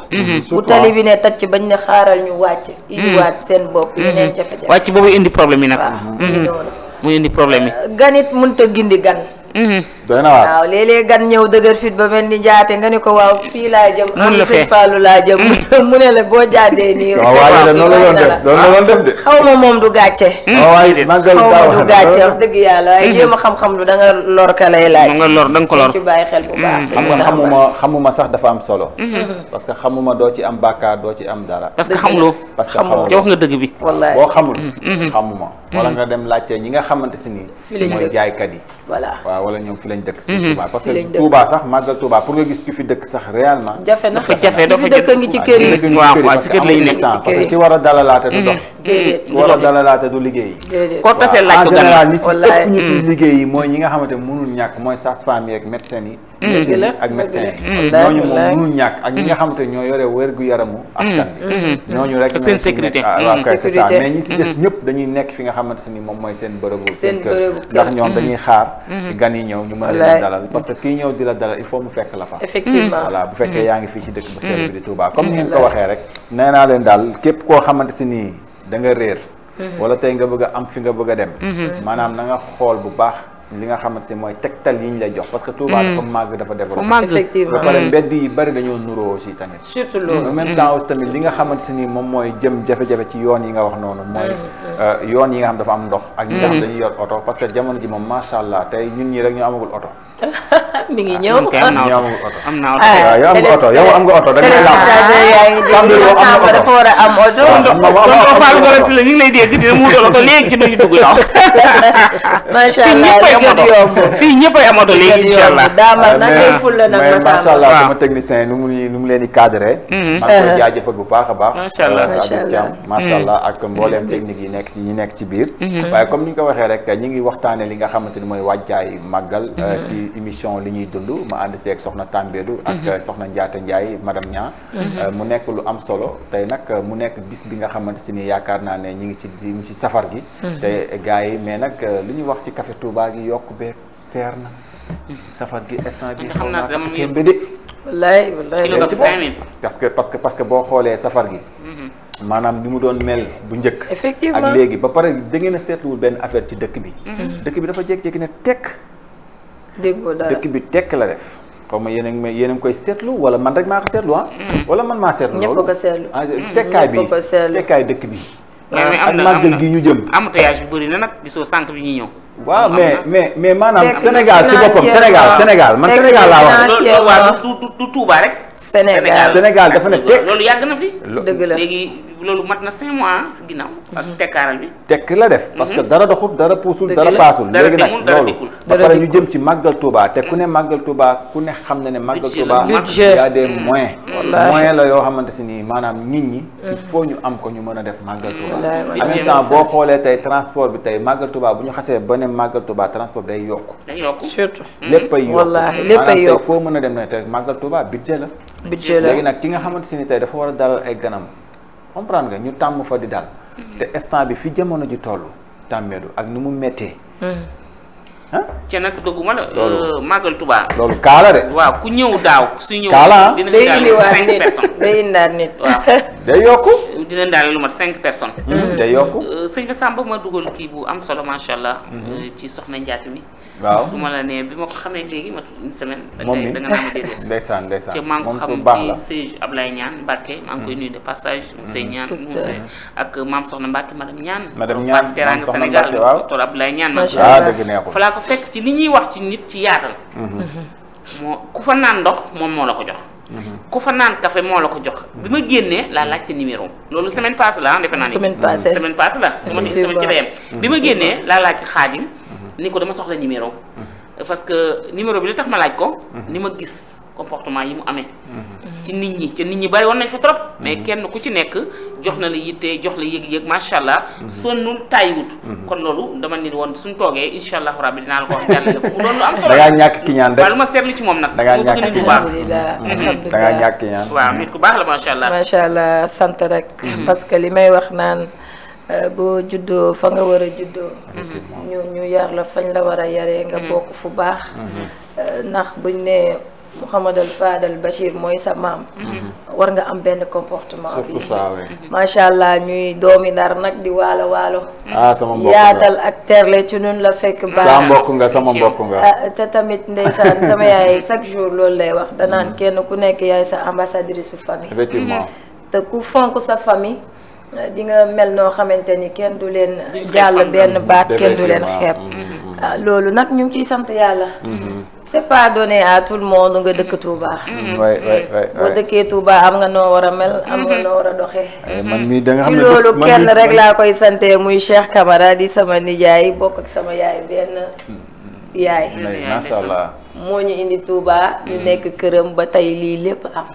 bu tali bi ne tacc bañ ne xaaral ñu wàcc. indiwaat seen bopp yeneen jafe-jafe. wàcc boobu indi problème yi nag. waaw mu indi problème yi. ganit mënut a gindi gan. Mm-hmm. doy na waaw waaw léeg-léeg gan ñëw dëgër fit ba mel ni jaate nga ne ko waaw fii laa jëm. mun la fee faalu laa jëm. Mm. mu ne la boo jaadee nii. waaw waaye de noonu la doon def doon la doon def de. xaw ma moom du gàcce. Mm. waaw waaye màggal ma mm-hmm. a xam-xam lu da nga lor ka lay laaj. mu ci bàyyi xel bu baax. Mm. xam nga xamuma sax dafa am solo. Mm-hmm. parce xamuma doo ci am bàkkaar doo ci am dara. parce que xamuloo parce que xamuloo te wax nga dëgg bi. wallaay boo xamul xamuma wala nga dem laajte ñi nga xamante si nii mooy jaaykat yi voilà wala ñoom fi lañ dëkk si mhm. Touba parce que Touba sax màggal Touba pour nga gis ki fi dëkk sax réellement jafe na dafa jafe dafa dëkk ngi ci kër yi waaw waaw si kër lañ a dalalaate du dox mhm. ki a dalalaate du liggéey yi koo tasee laaj ko gan mm. yi mooy ñi nga ñàkk mooy sage-femme yi ak médecin yi médecin mm. la ak médecin mm. ñooñu moom mënul ñàkk ak ñi nga ñoo yore mm. rek seen sécurité waaw kay c'est ça mais ñi si des mm-hmm. ñëpp dañuy nekk fi nga xamante ni moom mooy seen bërëbu seen kër ndax ñoom dañuy xaar mm-hmm. gan yi ñëw ñu ma leen dalal parce que kii ñëw di la dalal il faut mu fekk la fa effectivement bu fekkee mm-hmm. yaa ngi fii ci dëkk ba seen bi di Touba comme ni nga ko waxee rek nee naa leen daal képp koo xamante si nii da nga réer wala tey nga bëgg am fi nga bëgg a dem maanaam na xool bu baax li nga xamante ne mooy tegtal yi ñu lay jox. parce que Touba mm. dafa màgg dafa développé. effectivement ba pare mbedd yi bari dañoo nuroo aussi tamit. surtout loolu en même temps aussi tamit li nga xamante ni moom mooy jëm jafe-jafe ci yoon yi nga wax noonu. mooy mm, mm. Euh, yoon yi nga xam dafa am ndox. ak ñi nga xam dañuy yor oto parce que jamono ji moom macha allah tey ñun ñii rek ñu amagul oto. mi ngi ah, ñëw am na oto am na oto waaw ah, yow am nga oto yow am nga oto. dañuy ah, sàmm dafa war a am oto. kon Fallou Galass la ñu ngi lay dégg dina mu wutal oto léegi ci nuyu dugg yow. macha allah am oto fii ñëpp ay léegi incha allah daamal nag ngay la nag macha allah sama technicien nu mu nu mu leen di cadré mhm. maa ngi koy uh-huh. bu baax a baax macha allah euh, macha allah ak mm-hmm. mbooleem technique yi nekk ci yi nekk ci biir mm-hmm. waaye comme ni ñu ko waxee rek ñi ngi waxtaane li nga xamante ni mooy wàjjaay màggal euh, mm-hmm. ci émission li ñuy dund ma ànd seeg soxna Tambédou ak euh, soxna Njaata Njaay madame Ña mu nekk lu am solo tey nag mu nekk bis bi nga xamante si ni yaakaar naa ne ñi ngi ci ñi ci safar gi te gars yi gi yokk beeg seer na. safar gi instant bi xam naa sama kémbe de. wallaay wallaay parce que parce que parce que boo xoolee safar gi. Mhm. maanaam ni mu doon mel bu njëkk. effectivement ak léegi ba pare da ngeen a seetluwul benn affaire ci dëkk bi. Mhm. dëkk bi dafa jékki-jékki ne tekk. déggoo dara dëkk bi tekk la def. xaw ma yéen a ngi yéen a ngi koy seetlu wala man rek maa ko seetlu ah. Mhm. wala man maa seetlu loolu ah, ñëpp ko bi tekkaay dëkk bi. waaw mais am gi ñu jëm. embouteillage bi bëri na nag gisoo sànq bi ñuy ñëw. waaw mais mais mais maanaam Sénégal ci boppam Sénégal Sénégal man Sénégal laa wax. du Touba rek. Sénégal Sénégal dafa ne teg loolu yàgg na fi. dëgg la léegi. loolu mat na cinq mois si ginnaaw. ak mhm. tekkaaral bi. tekk la def. parce que mhm. dara doxul dara puusul dara paasul. léegi nag loolu ba pare ñu jëm ci màggal tubaa te ku ne mhm. màggal tubaa ku ne xam na ne màggal Touba y a des la yoo xamante si nii maanaam nit ñi. il ñu am ko ñu mën a def màggal Touba. boo xoolee tey transport bi tey màggal Touba bu ñu xasee ba ne màggal Touba transport bi day yokku. day surtout. lépp ay yokku lépp ay yokku foo mën a dem ne tey màggal bu budget la. budget la léegi nag ki nga xamante si ni tey dafa war a dalal ay ganam comprendre nga ñu tàmm fa di dal mm-hmm. te instant bi fi jamono ji toll tàmmeedu ak ni mu méttee mm-hmm. ca nag dëgguma la. Euh, màggal Tuubaa. loolu kaala de. waaw ku ñëw daaw. su ñëw ah? dina daal cinq personnes day indiwaat nit waaw. day yokku. dina daal lu mat cinq personnes. Hmm, day mm-hmm. yokku. Euh, sëñ bi Samba ma dugal kii bu am solo macha allah. Mm-hmm. Euh, ci soxna Ndiaye mi. waaw su ma la bi ma ko xamee léegi ma une semaine. ma déedéet. ndeysaan ndeysaan te maa ngi ko xam ci sëñ Ablaye Niane Mbacke. maa ngi koy mm. nuyu de passage. monsieur mm. Niane monsieur ak maam Soxna Mbacke madame Niane. madame Niane maam Soxna Mbacke waaw Sénégal tool Ablaye Niane. macha allah ah, fa laa ko fekk ci li ñuy wax ci nit ci yaatal. Mhm. moo ku fa naan ndox moom moo la ko jox. Mhm. ku fa naan kafe moo la ko jox. bi ma génnee laa mhm. laajte numéro loolu semaine passée la ah defe naa ni. semaine passée semaine passée la. bu ma ci semaine ci la yem. bi ma génnee laa laajte xaadim. ni ko dama soxla numéro. parce que numéro bi li tax ma laaj ko. ni ma gis. comportement yi mu amee. Mhm. ci nit ñi ci nit ñi bari woon nañ fa trop. Mhm. mais kenn ku ci nekk jox na la yitte jox la yëg-yëg macha allah. Mhm. sonnul tàyyiwut. kon loolu dama ni woon suñ toogee incha allah rabbi dinaa la ko wax jàllale ko mu doon lu am solo. ma seetlu ci moom nag. da ngaa ñàkk ki ñaan alhamdulilah nit ku baax la macha allah. macha allah sant rek. parce que li may wax naan. Euh, boo juddoo fa nga war a juddoo ñu ñu yar la fañ la war a yaree nga bokk fu baax euh, ndax buñ ne Mouhamadal Fadal Bachir mooy sa maam mm-hmm. war nga am benn comportement bi mm-hmm. macha allah ñuy doomi ndar nag di waalo waalo ah, yaatal ak terle ci nun la fekk baax sa mbokk nga sama mbokk nga ah, te tamit ndeysaan sama yaay chaque jour loolu lay wax danaan mm-hmm. kenn ku nekk yaay sa ambassadrice su famille effectivement te ku fonk sa fami di nga mel noo xamante ni kenn du leen jàll benn baat kenn du leen xeeb ah loolu nag ñu ngi ciy sant yàlla. Mm-hmm. c'est pas donné à tout le monde nga dëkk Touba. Mm-hmm. waay waay mm-hmm. waay boo dëkkee Touba am nga noo war a mel. am nga noo war a doxee. Eh, ci loolu kenn rek laa koy sante muy Cheikh Camara di sama nijaay bokk ak sama yaay benn. yaay macha moo ñu indi tuubaa ñu nekk këram ba tey lii lépp am.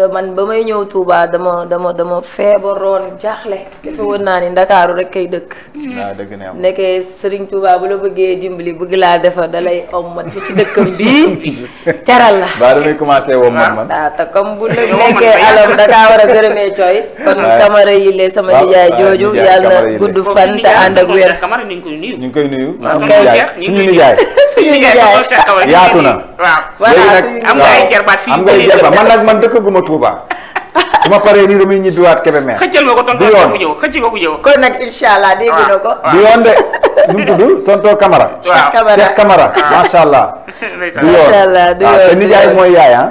te man ba may ñëw Touba dama dama dama feebaroon jaaxle. dafa woon naa ni ndakaaru rek kay dëkk. waaw dëgg na nekkee Serigne Touba bu la bëggee dimbali bëgg laa defar dalay om man ci dëkkam bii caral la. waaw damay commencé woo man man. Ah, waaw te comme bu la nekkee alam da kaa war a gërëmee cooy. kon Camara yi sama nijaay jooju. yàlla na gudd fan te ànd ñu ngi koy nuyu. ñu ngi koy nuyu. suñu nijaay yaatu na. waaw voilà suñu nijaay am nga man nag man dëkkaguma Touba bu ma paree nii damay ñibbiwaat Kébémer. xëccal ma ko tonton Kamara bu du yoon de ah. nijaay mooy yaay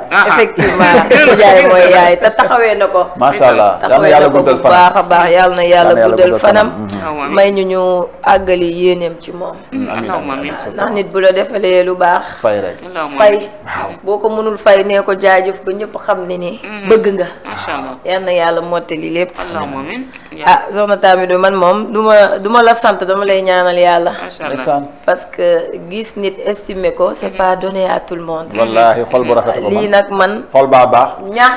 te taxawee na ko. taxawee na ko bu baax a baax yàlla na yàlla guddal fanam. Mm-hmm. may ñu ñu àggali yéeneem ci moom. Mm-hmm. ndax nit bu la defalee lu baax. fay boo ko mënul fay ne ko jaajëf ba ñëpp xam ne ni mm-hmm. bëgg nga. incha allah ah, yal na yàlla a lépp. allahumma amiin ah soxna Tami du man moom du ma du ma la sant dama lay ñaanal yàlla. parce que gis nit estimer ko c' est pas tout le monde. wallaahi xol bu rafet ko lii man. xol baa baax.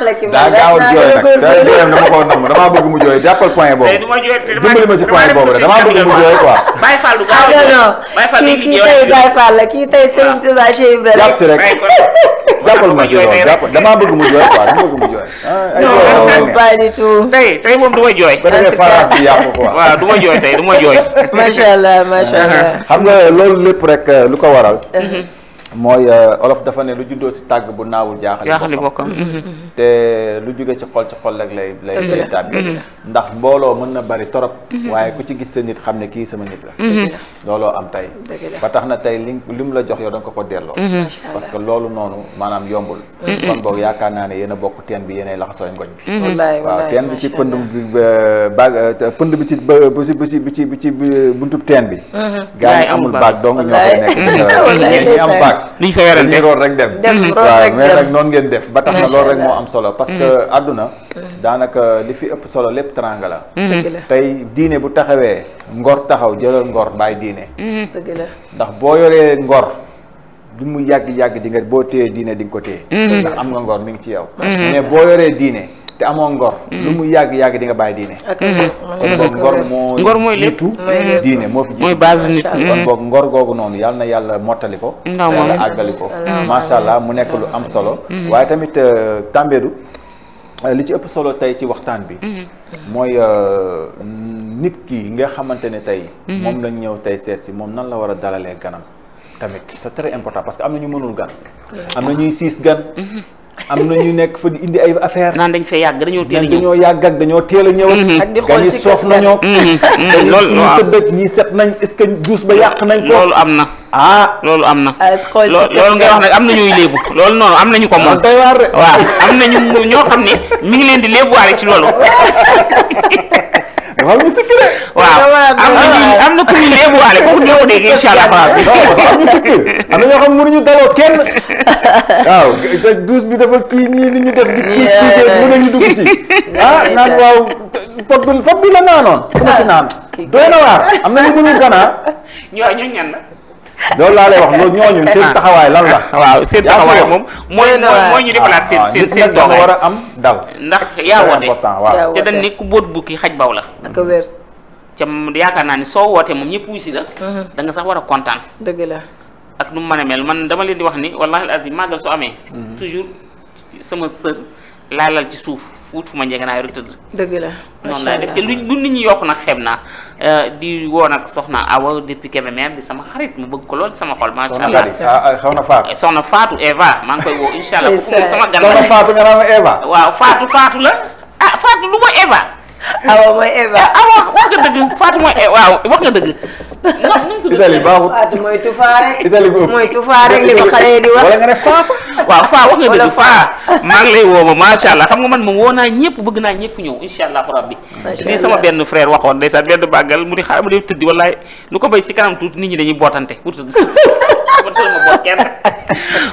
la ci man daa gaaw a jooy nag te jooyam dama koo nam damaa bëgg mu jooy jàppal point boobu. dimbali ma si point boobu rek damaa bëgg mu jooy quoi. Baye Fall du gaaw a ah, jooy kii kii tey Baye Fall la kii tey Serigne ah. Touba Cheikh Ibrahima. jàpp si rek jàppal ma jooy jàpp damaa bëgg mu jooy quoi dama bëgg mu jooy non pas du tout. du ma jooy. ba demee farance bi du ma jooy tey du ma jooy. xam nga loolu lépp rek lu ko waral. mooy olof dafa ne lu juddoo si tàgg bu naawul jaaxali bokkam te lu jóge ci xol ci xol rek lay lay lay ndax mbooloo mën na bari torop waaye ku ci gis sa nit xam ne kii sama nit la looloo am tey ba tax na tey li li mu la jox yow da ko ko delloo parce que loolu noonu maanaam yombul kon boog yaakaar naa ne yéen a bokk teen bi yéenay laxasooy ngoñ bi waaw teen bi ci pënd bi baag pënd bi ci bi ci bi ci bi ci bi buntub teen bi gars yi amul baag donc ñoo koy nekk ñi am baag liñ fa werante root rek dem waaw mais nag noonu ngeen def ba tax na loolu rek moo am solo parce mm. que àdduna mm. daanaka li fi ëpp solo lépp teranga mm-hmm. la tey diine bu taxawee ngor taxaw jëlal ngor bàyyi diine mm-hmm. ndax boo yoree ngor du mu yàgg-yàgg di nga boo téye diine di nga ko téye mm-hmm. ndax am nga ngor mi ngi ci yow mais boo yoree diine te amoo ngor. Mm. lu mu yàgg yàgg di nga bàyyi diine. Mm-hmm. Mm-hmm. kon boog ngor moo. ngor mooy lépp diine moo fi jiitu. mooy base nit kon mm-hmm. ngor googu noonu yàlla na yàlla mottali ko. ndaw moom ko. macha allah mu nekk lu am solo. waaye tamit euh, Tambédou euh, li ci ëpp solo tey ci waxtaan bi. mooy euh, nit ki nga xamante ne tey. moom lañ ñëw tey seet si moom nan la war a dalalee ganam. tamit sa très important parce que am na ñu mënul gan. am na ñuy siis gan. am na ñu nekk fa indi ay affaire naan dañ fee yàgg dañoo teel a ñëw dañoo yàgg dañoo teel a ñëw mm-hmm. xool si soof nañoo mm-hmm. mm-hmm. loolu ñu tëddëj ñii set nañ est-ce que duus ba loolu am na ah loolu am na ah, loolu ngay wax nag am na ñuy léebu loolu noonu am nañu ko moom ah, waaw am nañu ñoo xam ne mi ngi leen di léebuwaale ci loolu dafa am sikki waaw am nañu am na ku ñu léebuwaale kooku ñoo dégg incha allah. waaw am na sikki am na ñoo xam mënuñu daloo kenn. waaw douche bi dafa kii nii li ñu def. di kii kii mën nañu dugg ci. ah naan waaw pot bi pot la naanoon. ku ma si naan. Ah, doy na waar am na ñu mënul gannaaw. ñoo loolu laa lay wax loolu ñooñu seen taxawaay lan la. Ah, waaw seen taxawaay moom. mooy mooy ñu defalaat seen ah, seen seen taxawaay war a am dal. ndax yaa woote waaw te dañ ne ku boot bukki xaj baw la. ak wér. ca yaakaar naa ni soo wootee moom ñëpp wuy si la. Mhm. danga sax war a kontaan. dëgg la. ak nu mu mën a mel man dama leen di wax ni wallaahi al azim màggal su amee. Mhm. toujours sama sër laalal ci suuf. fuut fu ma njëgënaay rek tëdd. dëgg la noonu laa def te lu nit ñi yokk nag xem naa euh, di woo nag soxna Awa depuis Kébémer di sama xarit mu bëgg ko lool sama xol. macha allah ah, ah, soxna Fatou euh, soxna Fatou Eva maa ngi koy woo incha allah. incha allah sama gan la soxna Fatou nga naan Eva. waaw Fatou Fatou la ah Fatou lu ma Eva. awa mooy Eva. Eh, awa wax nga dëgg Fatou mooy eh, waaw wax nga dëgg. Itali baaxul Fatou mooy Tufaare. Itali boobu mooy Tufaare li ko xale yi di wax. waaw Faa wax nga dëgg Faa. maa ngi lay woo ma macha allah xam nga man moom woo naa ñëpp bëgg naa ñëpp ñëw incha allah rabbi. lii sama benn frère waxoon ndeysaan benn bàggal mu di xaaral ma di tëddi wallaay lu ko bay ci kanam tuuti nit ñi dañuy bootante pour tëdd.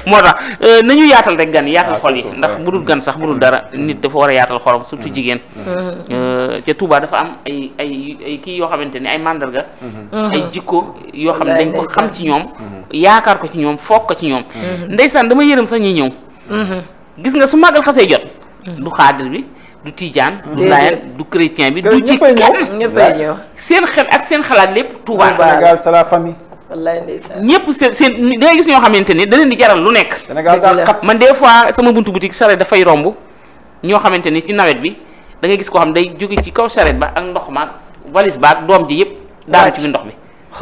moo tax euh, nañu yaatal rek gan yaatal ah, xol yi ndax bu dul gan sax bu dul dara mm-hmm. nit dafa war a yaatal xolam surtout mm-hmm. jigéen mm-hmm. Euh, ca Touba dafa am ay ay ay kii yoo xamante ni ay mandarga ay jikko yoo xam ne dañ ko xam ci ñoom yaakaar ko ci ñoom foog ko ci ñoom ndeysaan dama yërëm sax ñi ñëw gis nga su màggal xasee jot du xaadir bi du tijaan du laayeen du chrétien bi du ci kenn seen xel seen xalaat lépp wallaay ndeysaan ñëpp seen seen da ngay gis ñoo xamante ni da leen di jaral lu nekk. man des fois sama buntu boutique saret dafay romb ñoo xamante ni ci nawet bi da gis koo xam day jóge ci kaw saret ba ak ndox ma maag valise baag doom ji yëpp. daanu ci biir ndox mi.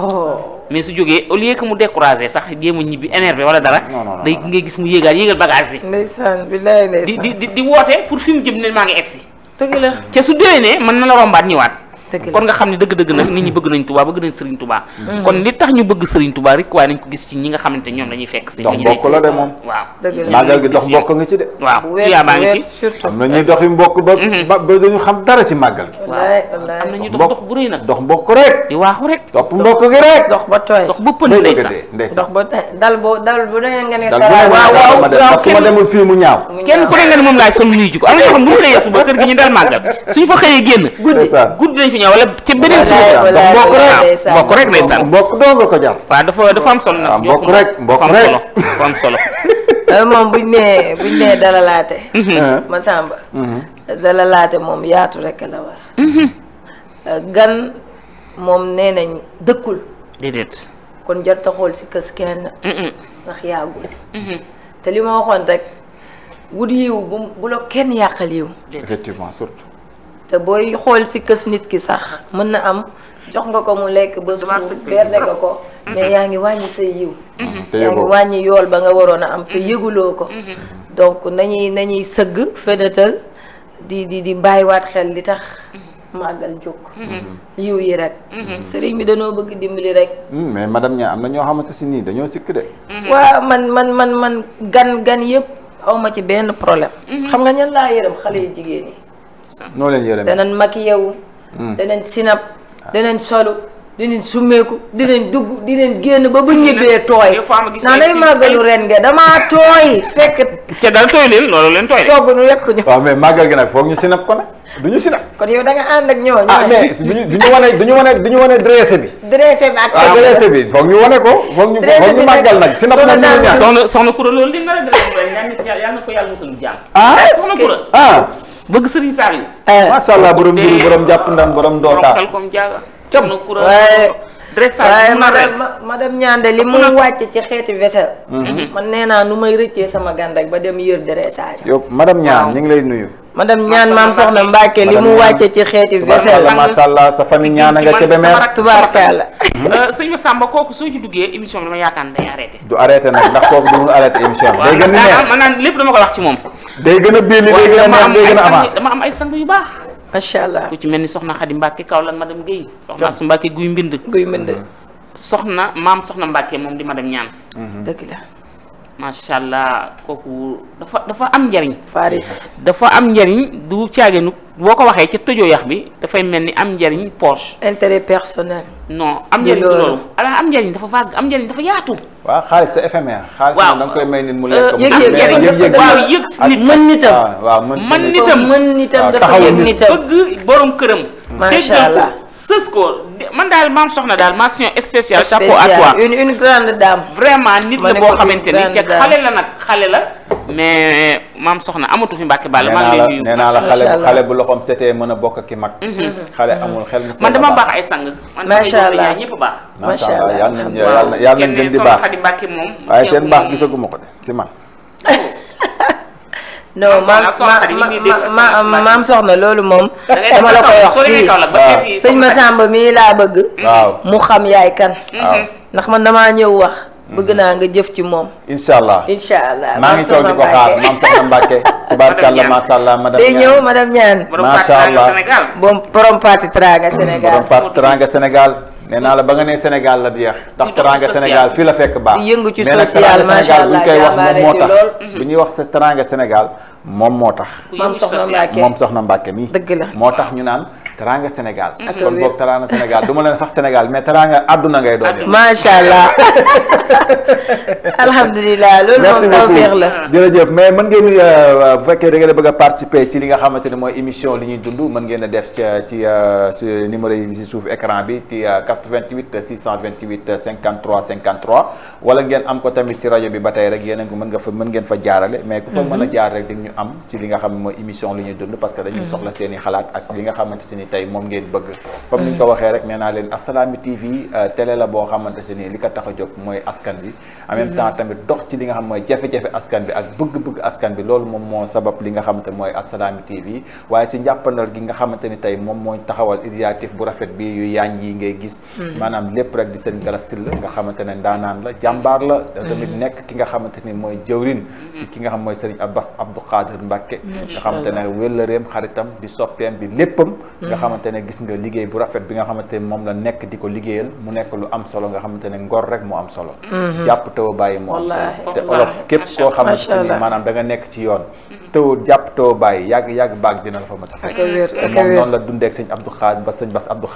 Oh. mais su jógee au lieu que mu découragé sax jéem a ñibbi énervé wala dara. day ngay gis mu yéegaal yéegal bagage bi. ndeysaan billaay ndeysaan di di di woote pour fi mu jëm ne maa ngi egsi. dëgg la te su ne mën na la rombaat ñiwaat kon nga xam ne dëgg-dëgg nag nit ñi bëgg nañ Touba bëgg nañ Serigne Touba kon li tax ñu bëgg Serigne Touba rek waaye nañ ko gis ci ñi nga ba ba dañu xam dara ci màggal gi waaw am na ñuy ba ba pënd ba dal boo dal bu doy nga ne waaw waaw waaw su ma demul fii mu ñaaw kenn ku laay sol nuyu ji am na ñoo xam bu ñu xëyee suba kër gi ñu dal màggal suñu fa xëyee génn guddi guddi étudiant wala ci beneen suuf bokk rek bokk rek ndeysaan ko jar waaw dafa dafa am solo nag ah, bokk rek bokk rek dafa am solo euh, moom buñ nee buñ nee dalalaate mhm. ah. mhm. dalalaate moom yaatu rek la war mhm. euh, gan moom nee nañ dëkkul déedéet kon jar ta si kës kenn ndax yàggul te li ma waxoon rek wut yiw bu bu la kenn yàqal yiw effectivement te booy xool si kës nit ki sax mën na am jox nga ko mu lekk ba suuf berne nga ko mm-hmm. mais yaa ngi wàññi say yiw mm-hmm. yaa ngi wàññi yool ba nga waroon a am te mm-hmm. yëguloo ko donc nañuy nañuy sëgg fenetal di di di bàyyiwaat xel li tax màggal jóg yiw yi rek sëriñ bi dañoo bëgg dimbali rek mm, mais madame ñaa am na ñoo xamante si nii dañoo sikk de waaw man man man man gan gan yëpp awma ci benn problème xam nga ñan laa yërëm xale yi jigéen yi noo leen yërëm danañ maquillé wu. Mm. danañ sinap ah. danañ solu dinañ summeeku dinañ dugg dinañ génn ba bu ñibbee tooy. naa day màggalu ren nga damaa tooy fekk. te dal tooy leen loolu leen tooy. togg nu yekk ñu. waaw mais màggal gi nag foog ñu sinap ko nag du ñu sinap. kon yow da nga ànd ak ñooñu. ah mais du ñu du ñu wane du ñu wane du ñu wane dressé bi. dressé bi ak ah, sa dressé bi foog ñu wane ko. foog ñu foog ñu màggal nag sinap moom ñu soxna soxna Koura loolu li nga la dressé yàlla na ko yàlla mosul jàmm. ah bëgg sëriñ Saliou. Eh. macha allah borom mbiri borom jàpp ndam borom doota. borom waaye eh. eh, madame madame Ñaande li mu wàcc ci xeeti vaisselle. Mm-hmm. ma nee naa nu may rëccee sama gàndak ba dem yër dressage. yow madame Ñaan ñu ngi lay nuyu. ma madame ñaan maam soxna Mbacke li mu wàcce ci xeeti vaisselle macha allah sa fan ñaan nga Kébémer tubaarkalla euh, sëñ Massamba kooku soo ci duggee émission bi dama yaakaar ne day arrêté du arrêté nag ndax kooku du arrêté émission bi dama ko wax ci moom day gën a am ay sang yu baax macha allah ku ci mel ni soxna kaw lan ma dem Guèye soxna su Mbacke guy mbind guy mbind mm-hmm. soxna maam soxna Mbacke moom di dem ñaan dëgg la macha allah kooku dafa dafa am njariñ faris dafa am njariñ du nu boo ko waxee ca tëjoo bi dafay mel ni am njariñ poche. intérêt personnel. non am njariñ loolu am njariñ dafa vague am njariñ dafa yaatu. waaw xaalis sa fm waaw xaalis da nga koy may nit mu euh, lekk. yëg yëg waaw yëg nit mën nitam. waaw mën nitam mën nitam dafa yëg nitam bëgg borom këram. macha allah sës ko man daal maam soxna daal mention spéciale chapeau à toi une une grande dame. vraiment nit la boo xamante ni ca xale la nag xale la. mais maam soxna amatu fi mbàkk baal maa ngi nee naa la xale bu xale bu a bokk ki mag. Mhm. Mhm. xale amul xel mu man dama baax ay sang. macha allah man sang ñëpp baax. macha allah yal nañu yal nañu gën di baax kenn soxna Xadi Mbàkke moom. waaye seen gisaguma ko de si man. Oh. non maam maam soxna loolu moom. dama ma koy wax fii waaw sëñ Massamba mii laa bëgg. waaw mu xam yaay kan. ndax man damaa ñëw wax. Mm-hmm. bëgg naa nga jëf ci moom. incha allah incha allah maa ngi toog di ko xaar maam Soxna Mbacke. tubaarkàlla macha allah madame Niane day ñëw madame Niane. borom parti Teranga Sénégal. nee naa la ba nga nee Sénégal la jeex ndax teranga Sénégal fii la fekk baax yëngu ci social macha allah jàmbaare ci lool mm-hmm. bu ñuy wax sa teranga Sénégal moom moo tax moom soxna Mbàkke moom soxna Mbàkke mi dëgg la moo tax ñu naan teraanga Sénégal. Mm-hmm. kon boog teraanga Sénégal duma leen sax Sénégal mais teraanga àdduna ngay doon. macha allah alhamdulilah. loolu moom tawfeex la jërëjëf mais ngeen euh, bu da a bëgg participer ci li nga xamante ni mooy émission li ñuy dund mën ngeen def ci euh, ci numéro yi ci suuf écran bi ci 88 628 53 53 wala ngeen am ko tamit ci rajo bi ba tey rek yéen a mën nga fa mën ngeen fa jaarale. mais ku fa mën a mm-hmm. jaar rek di ñu am ci li nga xam ne mooy émission li ñuy dund parce que dañuy mm-hmm. soxla seen ak li nga xamante ne tey moom ngeen bëgg comme ni ñu ko mm. waxee rek nee naa leen Assalaamy TV euh, télé la boo xamante se nii li ko tax a jóg mooy askan bi en même temps mm-hmm. tamit dox ci li nga xam mooy jafe-jafe bi ak bëgg-bëgg askan bi loolu moom moo sabab li nga xamante mooy Assalaamy TV waaye si njàppandal gi nga xamante ni tey moom moo taxawal initiative bu rafet bi yu yaañ yi ngay gis mm. maanaam lépp rek di seen Gallas la nga xamante ne ndaanaan la jàmbaar la mm. tamit nekk ki nga xamante ni mooy jëwlin ci ki nga xam mooy Serigne Abbas Abdou Khadir Mbacke nga xamante ne wëllëreem xaritam di soppeem bi léppam xamante ne gis nga liggéey bu rafet bi nga xamante ne moom la nekk di ko liggéeyal mu nekk lu am solo nga xamante ne ngor rek mu am solo mhm. jàpp taw bàyyi mu am solo te olof képp koo xamante ne maanaam da nga nekk ci yoon mhm. taw jàpp taw bàyyi yàgg yàgg baag dina la fa mas a fekk la dundeek ba sëñ Bas Abdou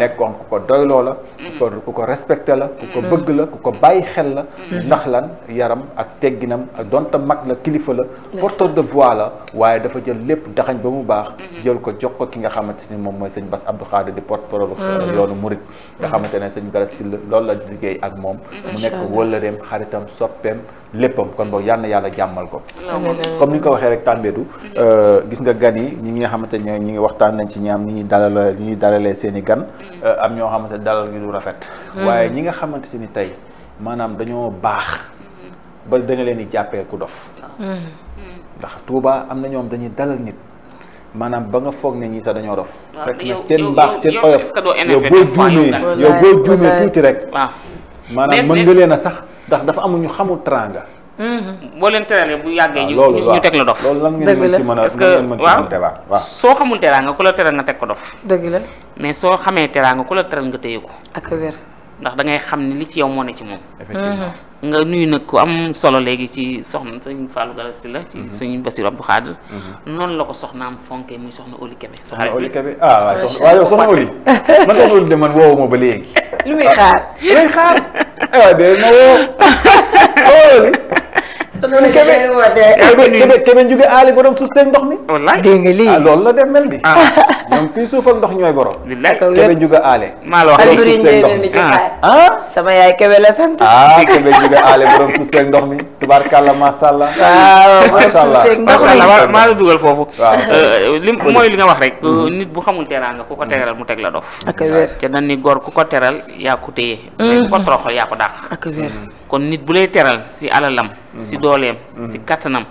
nekk ko doyloo la ku ko mhm. ku ko respecté la ku ko bëgg la ku ko bàyyi xel la ndax lan yaram ak tegginam ak donte mag la kilifa la porte de voix la waaye dafa jël lépp daxañ ba mu baax jël ko jox ko ki nga xamante xamante ni moom mooy sëñ Bass Abdou Khadre di porte parole mm-hmm. yoonu murit nga xamante ne sëñ Gallas Sylla loolu la liggéey ak moom mm-hmm. mu nekk wëllëreem xaritam soppeem léppam kon boo yal na yàlla jàmmal ko comme ni nga ko waxee rek tàmbeedu mm-hmm. euh, gis nga gan yi ñi nga xamante ne ñi ngi waxtaan nañ ci ñi am ñuy dalal ñi ñuy dalalee seeni gan euh, am ñoo xamante dalal gi du rafet waaye ñi nga xamante ni tey maanaam dañoo baax ba da leen di jàppee ku dof ndax Tuuba am na ñoom dañuy dalal nit maanaam ba nga foog ne ñi sax dañoo dof rek ah, na seen mbaax seen oyof yow boo juumee tuuti rek ah. maanaam mën nga leen a sax ndax dafa amuñu ñu xamul tranga mm-hmm. boo leen teralee bu yàggee ñu ñu teg la dof loolu lan ngeen mën ci mën a parce que waaw soo xamul teraanga ku la teral nga teg ko dof dëgg la mais soo xamee teraanga ku la teral nga téye ko ak wér ndax da ngay xam ne li ci yow moo ne ci moom. effectivement mm-hmm. nga nuyu nag ku am solo léegi ci soxna sëñ Fallou Galassi la. ci mm-hmm. sëñ Bassirou Abdou Khadre. Mm-hmm. noonu la ko soxnaam fonkee muy soxna Oli Kébé. soxna ah, Oli Kébé ah waaw soxna ah, Oli man soxna Oli de man woowu ma ba léegi. lu muy xaar lu xaar. Eh, de ma woo. loolu Kébé Kébé jóge aali borom suuf seen ndox mi. wallaay dégg nga lii ah, la dem mel bi. Ah. ñoom kuy suuf ak ndox ñooy borom. billaay Kébé jóge aali. maa la wax borom suuf seen ndox mi ah. ah. sama la sant. ah Kébé jóge aali borom ndox mi tubaarkàlla macha allah. waaw borom suuf seen ndox mi maa la dugal foofu. Eh, li mooy li nga wax rek. Mm-hmm. Eh, nit bu xamul teraanga ku ko mm-hmm. teral mu teg la dof. ak wér te ni góor ku ko teral yaa ko téye. Mm-hmm. ku kon nit bu lay teral si alalam si doole dooleem mm-hmm. si kattanam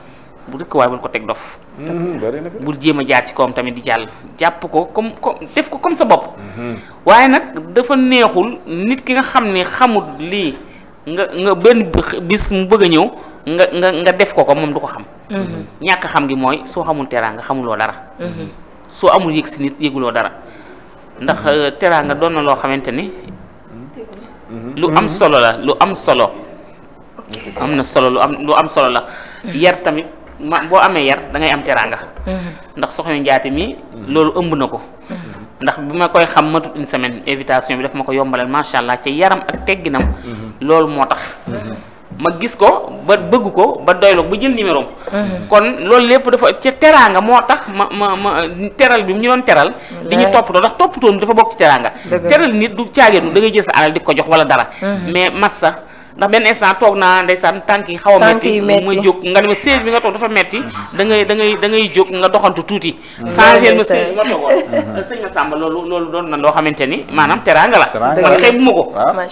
bu dëkk waaye bul ko teg dof mm-hmm. bul jéem a jaar ci kawam tamit di jàll jàpp ko comme comme def ko comme sa bopp mm-hmm. waaye nag dafa neexul nit ki nga xam ne xamul lii nga nga benn bis mu bëgg a ñëw nga nga nga def ko ko moom du ko xam ñàkk xam gi mooy soo xamul teraanga xamuloo dara soo amul yëg si nit yëguloo dara ndax teraanga doon loo xamante ni lu am solo la lu am solo am na solo lu am lu am solo la yar tamit ma boo amee yar da ngay am teraanga ndax soxna njaati mi loolu ëmb na ko ndax bi ma koy xam matut une semaine invitation bi daf ma ko yombalal macha allah ci yaram ak tegginam loolu moo tax ma gis ko ba bëgg ko ba doylu ba jël numéro kon loolu lépp dafa ca teraanga moo tax ma ma ma teral bi mu ñu doon teral di ñu toppatoo ndax toppatoon dafa bokk ci teraanga teral nit du caagéenu da ngay jël sa alal di ko jox wala dara mais massa ndax benn instant toog naa ndeysaan tànk yi xaw a metti ma jóg nga ne ma bi nga toog dafa metti da ngay da ngay da ngay jóg nga doxantu tuuti mm. changé ma siège bi ma toogoon mm-hmm. sëñ ma sàmba loolu loolu doon na loo xamante ni maanaam teraanga la wala xëy bu ma ko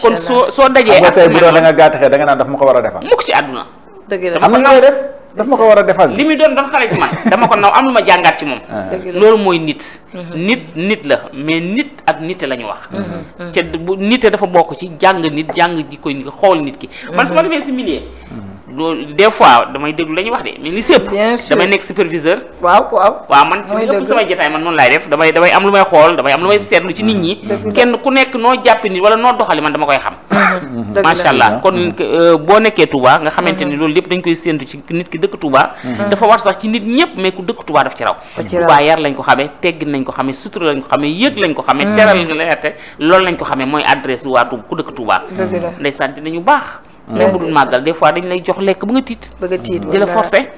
kon soo soo dajee ak tey bu doon da nga gàtt xëy da nga naan daf ma ko war a defal mukk ci àdduna dëgg la xam def daf ma ko war a defal li muy doon dafa xale ci ko naw am lu ma jàngaat ci moom ah. loolu mooy nit mhm. nit nit la mais nit ak nite la ñu wax mhm. Mhm. te bu nite dafa bokk ci jàng nit jàng ji koy nit xool nit ki man su ma demee si milieu loolu des fois damay déglu la ñuy wax de mais li sëpp damay nekk superviseur waaw waaw waaw man ci ëpp samay jotaay man noonu laay def damay damay am lu may xool damay am lu may seetlu ci nit ñi kenn ku nekk noo jàppe nit wala noo doxali man dama koy xam macha allah kon euh, boo nekkee Touba nga xamante ni loolu lépp dañ koy dëkk Touba mmh. dafa war sax ci nit ñëpp mais ku dëkk Touba daf ci raw yar lañ ko xamee teggin nañ ko xamee sutura lañ ko xamee yëg lañ ko xamee mmh. teral leerte loolu lañ ko xamee mooy adresse waa ku dëkk Touba mmh. nday sant nañu baax même bu dul màggal des dañ lay jox lekk bu nga tiit di la forcer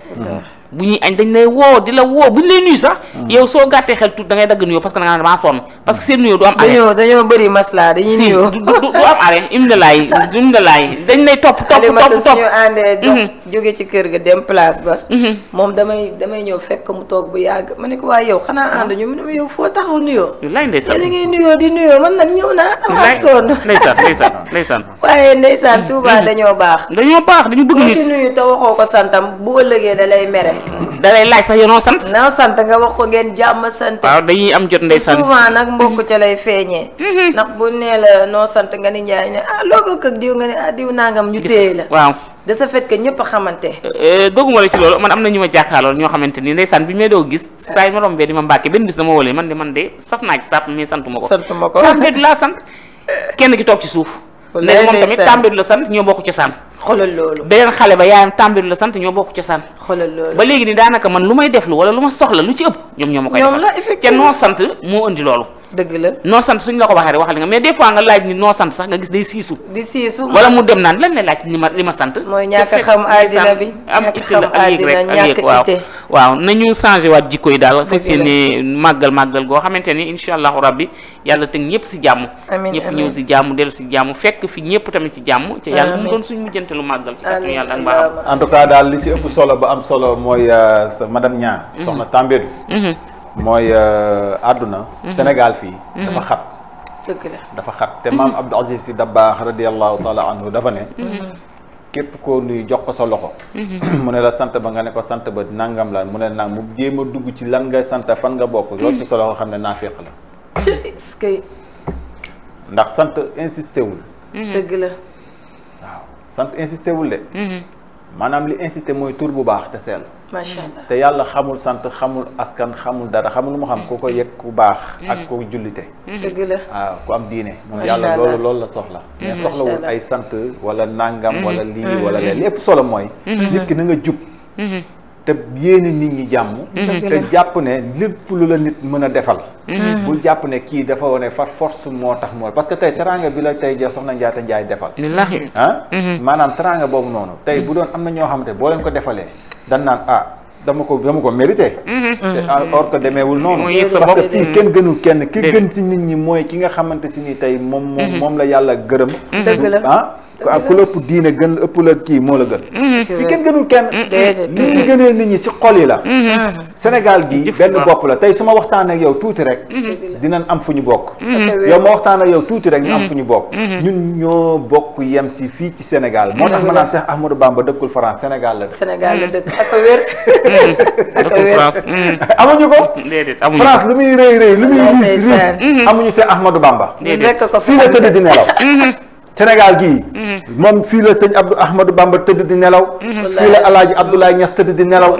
bu ñuy añ dañ lay woo di la woo bu ñu lay nuyu sax. Mm. yow soo gàttee xel tuut da ngay dagg nuyoo parce que da nga damaa sonn parce que seen nuyoo du am. arrêt dañoo dañoo bëri maslaa dañuy nuyoo du am arrêt im na laay im na laay dañ lay topp. topp topp topp suñu àndee dox mm-hmm. jóge ci kër ga dem place ba. Mm-hmm. moom damay damay ñëw fekk mu toog bu yàgg ma ne ko waaye yow xanaa mm-hmm. ànd ñu mu ne ma yow foo taxaw nuyoo. lay ndeysaan yéen a ngi nuyoo di nuyoo man nag ñëw naa damaa sonn. ndeysaan ndeysaan ndeysaan. waaye ndeysaan Touba dañoo baax. dañoo baax dañu bëgg nit. nuyu te waxoo ko santam bu ëllëgee da lay mere da lay laaj sax yoonoo sant. noo sant nga wax ko ngeen jàmm sant. waaw dañuy am jot ndeysaan. souvent nag mbokk ca lay feeñee. ndax bu nee la noo sant nga ni Ndiaye ne ah loo bëgg ak diw nga ne ah diw nangam ñu téye la waaw. de ce fait a xamante. dogguma la ci loolu man am na ñu ma jàkkaarlool ñoo xamante ni ndeysaan bi ñu may doo gis. saa yi ma rombee di ma mbàkke benn bis dama wóole man de man de saf naa ci sàpp mais ma ko. sant ma ko laa sant kenn ki toog ci suuf. léegi moom tamit tàmbeedu la sant ñoo xoolal loolu beneen xale ba yaayam tàmbali la sant ñoo bokk cosaan xoolal loolu ba léegi ni daanaka man lu may def lu wala lu ma soxla lu ci ëpp ñoom ñoo ma koy defal te noo sant moo indi loolu dëgg la noo sant suñ la ko waxee rek wax li nga mais ne laaj ni ma bi am itte waaw nañu changé waat jikko yi daal fas yéene màggal màggal goo xamante ni incha allahu rabbi yàlla teg ñëpp si jàmm ñëpp ñëw si jàmm dellu si jàmm fekk fi ñëpp tamit si jàmm ca yàlla mu doon suñ mujjante suñu màggal ci kàttanu en tout cas daal li ci ëpp solo ba am solo mooy euh, sa madame Niang mhm. soxna Tambédou mhm. mooy euh, àdduna mhm. Sénégal fii dafa xat dafa xat te maam Abdou Aziz Sy Dabakh radiallahu taala anhu dafa ne képp ko nuyu jox ko sa loxo mu ne la sant ba nga ne ko sant ba nangam la mu ne nang mu jéem dugg ci lan nga sant fan nga bokk loolu ci sa loxo xam ne naafiq la ndax sant insisté dëgg la sant insisté wul de. Mm-hmm. maanaam li insisté mooy tur bu baax te sell. macha te yàlla xamul sant xamul askan xamul dara xamul lu mu xam ko ko yëg ku baax. Mm-hmm. ak ku jullite. Mm-hmm. dëgg la waaw ku am diine. moom yàlla loolu loolu la soxla. mais soxlawul ay sant wala nangam. wala lii wala lee lépp solo mooy. nit ki na jub. te yéene nit ñi jàmm. te jàpp ne lépp lu la nit mën a defal. Mm-hmm. bul jàpp ne kii dafa wane far force moo tax moo parce que tey teranga bi la tey jii soxna Njaata Njaay defal. ah mm-hmm. maanaam teranga boobu noonu. tey bu doon am na ñoo xamante boo leen ko defalee dan ah. dama ko dama ko mérité. Mm-hmm. te ah, or que demeewul noonu. parce que kenn gënul kenn ki gën si nit ñi mooy ki nga xamante si ni tey moom moom mm-hmm. la yàlla gërëm. Mm-hmm. dëgg la ah ku la ëpp diine gën ëpp la kii moo la gën. fii kenn gënul kenn. li ñu gënee nit ñi si xol yi la. Sénégal gi benn bopp la tey su ma waxtaan ak yow tuuti rek. dinañ am fu ñu bokk. yow ma waxtaan ak yow tuuti rek ñu am fu ñu bokk. ñun ñoo bokk yem ci fii ci Sénégal moo tax ma naan Cheikh Ahmadou Bamba dëkkul France dëkk France. Mm. amuñu ko. déedéet amuñu France lu muy rëy rëy lu muy riis riis mm-hmm. amuñu Seex Ahmadou Bamba. déedéet fii la tëdd di nelaw. Mm-hmm. Mm-hmm. Sénégal gi moom fii la sëñ Abdou Ahmadou Bamba tëdd di nelaw. fii la El Hadj Abdoulaye tëdd di nelaw.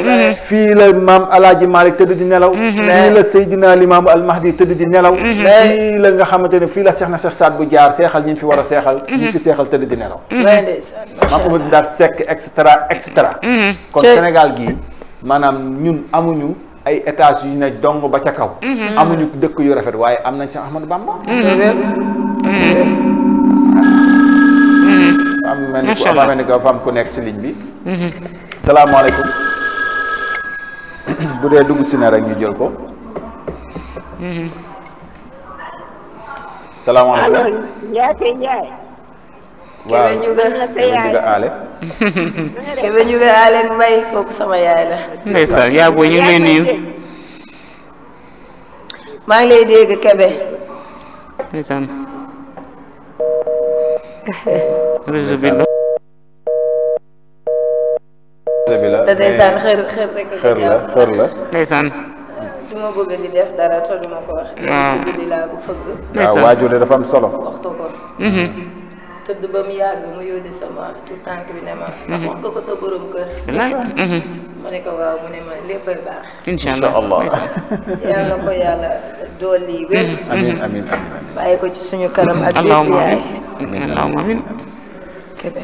fii la maam El Hadj Malick tëdd di nelaw. fii la Seydina Limaamu Al Mahdi tëdd di nelaw. la nga xamante ne fii la seex na Cheikh Saad bu jaar seexal ñi fi war a seexal. ñi fi seexal tëdd di nelaw. maam Omar Ndar Seck et cetera kon Sénégal gii. maanaam ñun amuñu ay étages yu ne dong ba ca kaw. Mhm. amuñu dëkk yu rafet waaye am nañ si Ahmadou Bamba. Mhm. am mel ni ku am mel ni ko fam ku nekk si ligne bi. Mhm. salaamaaleykum. bu dee dugg si na rek ñu jël ko. salaamaaleykum. allo waaw kebe ñu nga aale kebe ñu nga aale mbay kooku sama yaay la ndeysaan yaa booy ñu ngi lay nuyu maa ngi lay dégg kebe ndeysaan réseau bi la te ndeysaan xër xër rek xër la xër la ndeysaan du ma bëgg di def dara te du ma ko wax te di laa ko fëgg waaw waajur dafa am solo waxtu ko mhm. tëdd ba mu yàgg mu yónni sama tout tànk bi ne ma. Mhm. ndax wax nga ko kër. Mhm. ma ne ko waaw mu ne ma léppay baax. incha allah yal na ko yàlla dolli wér. Mhm. amiin amiin amiin bàyyi ko ci suñu kanam ak. allahumma amiin allahumma amiin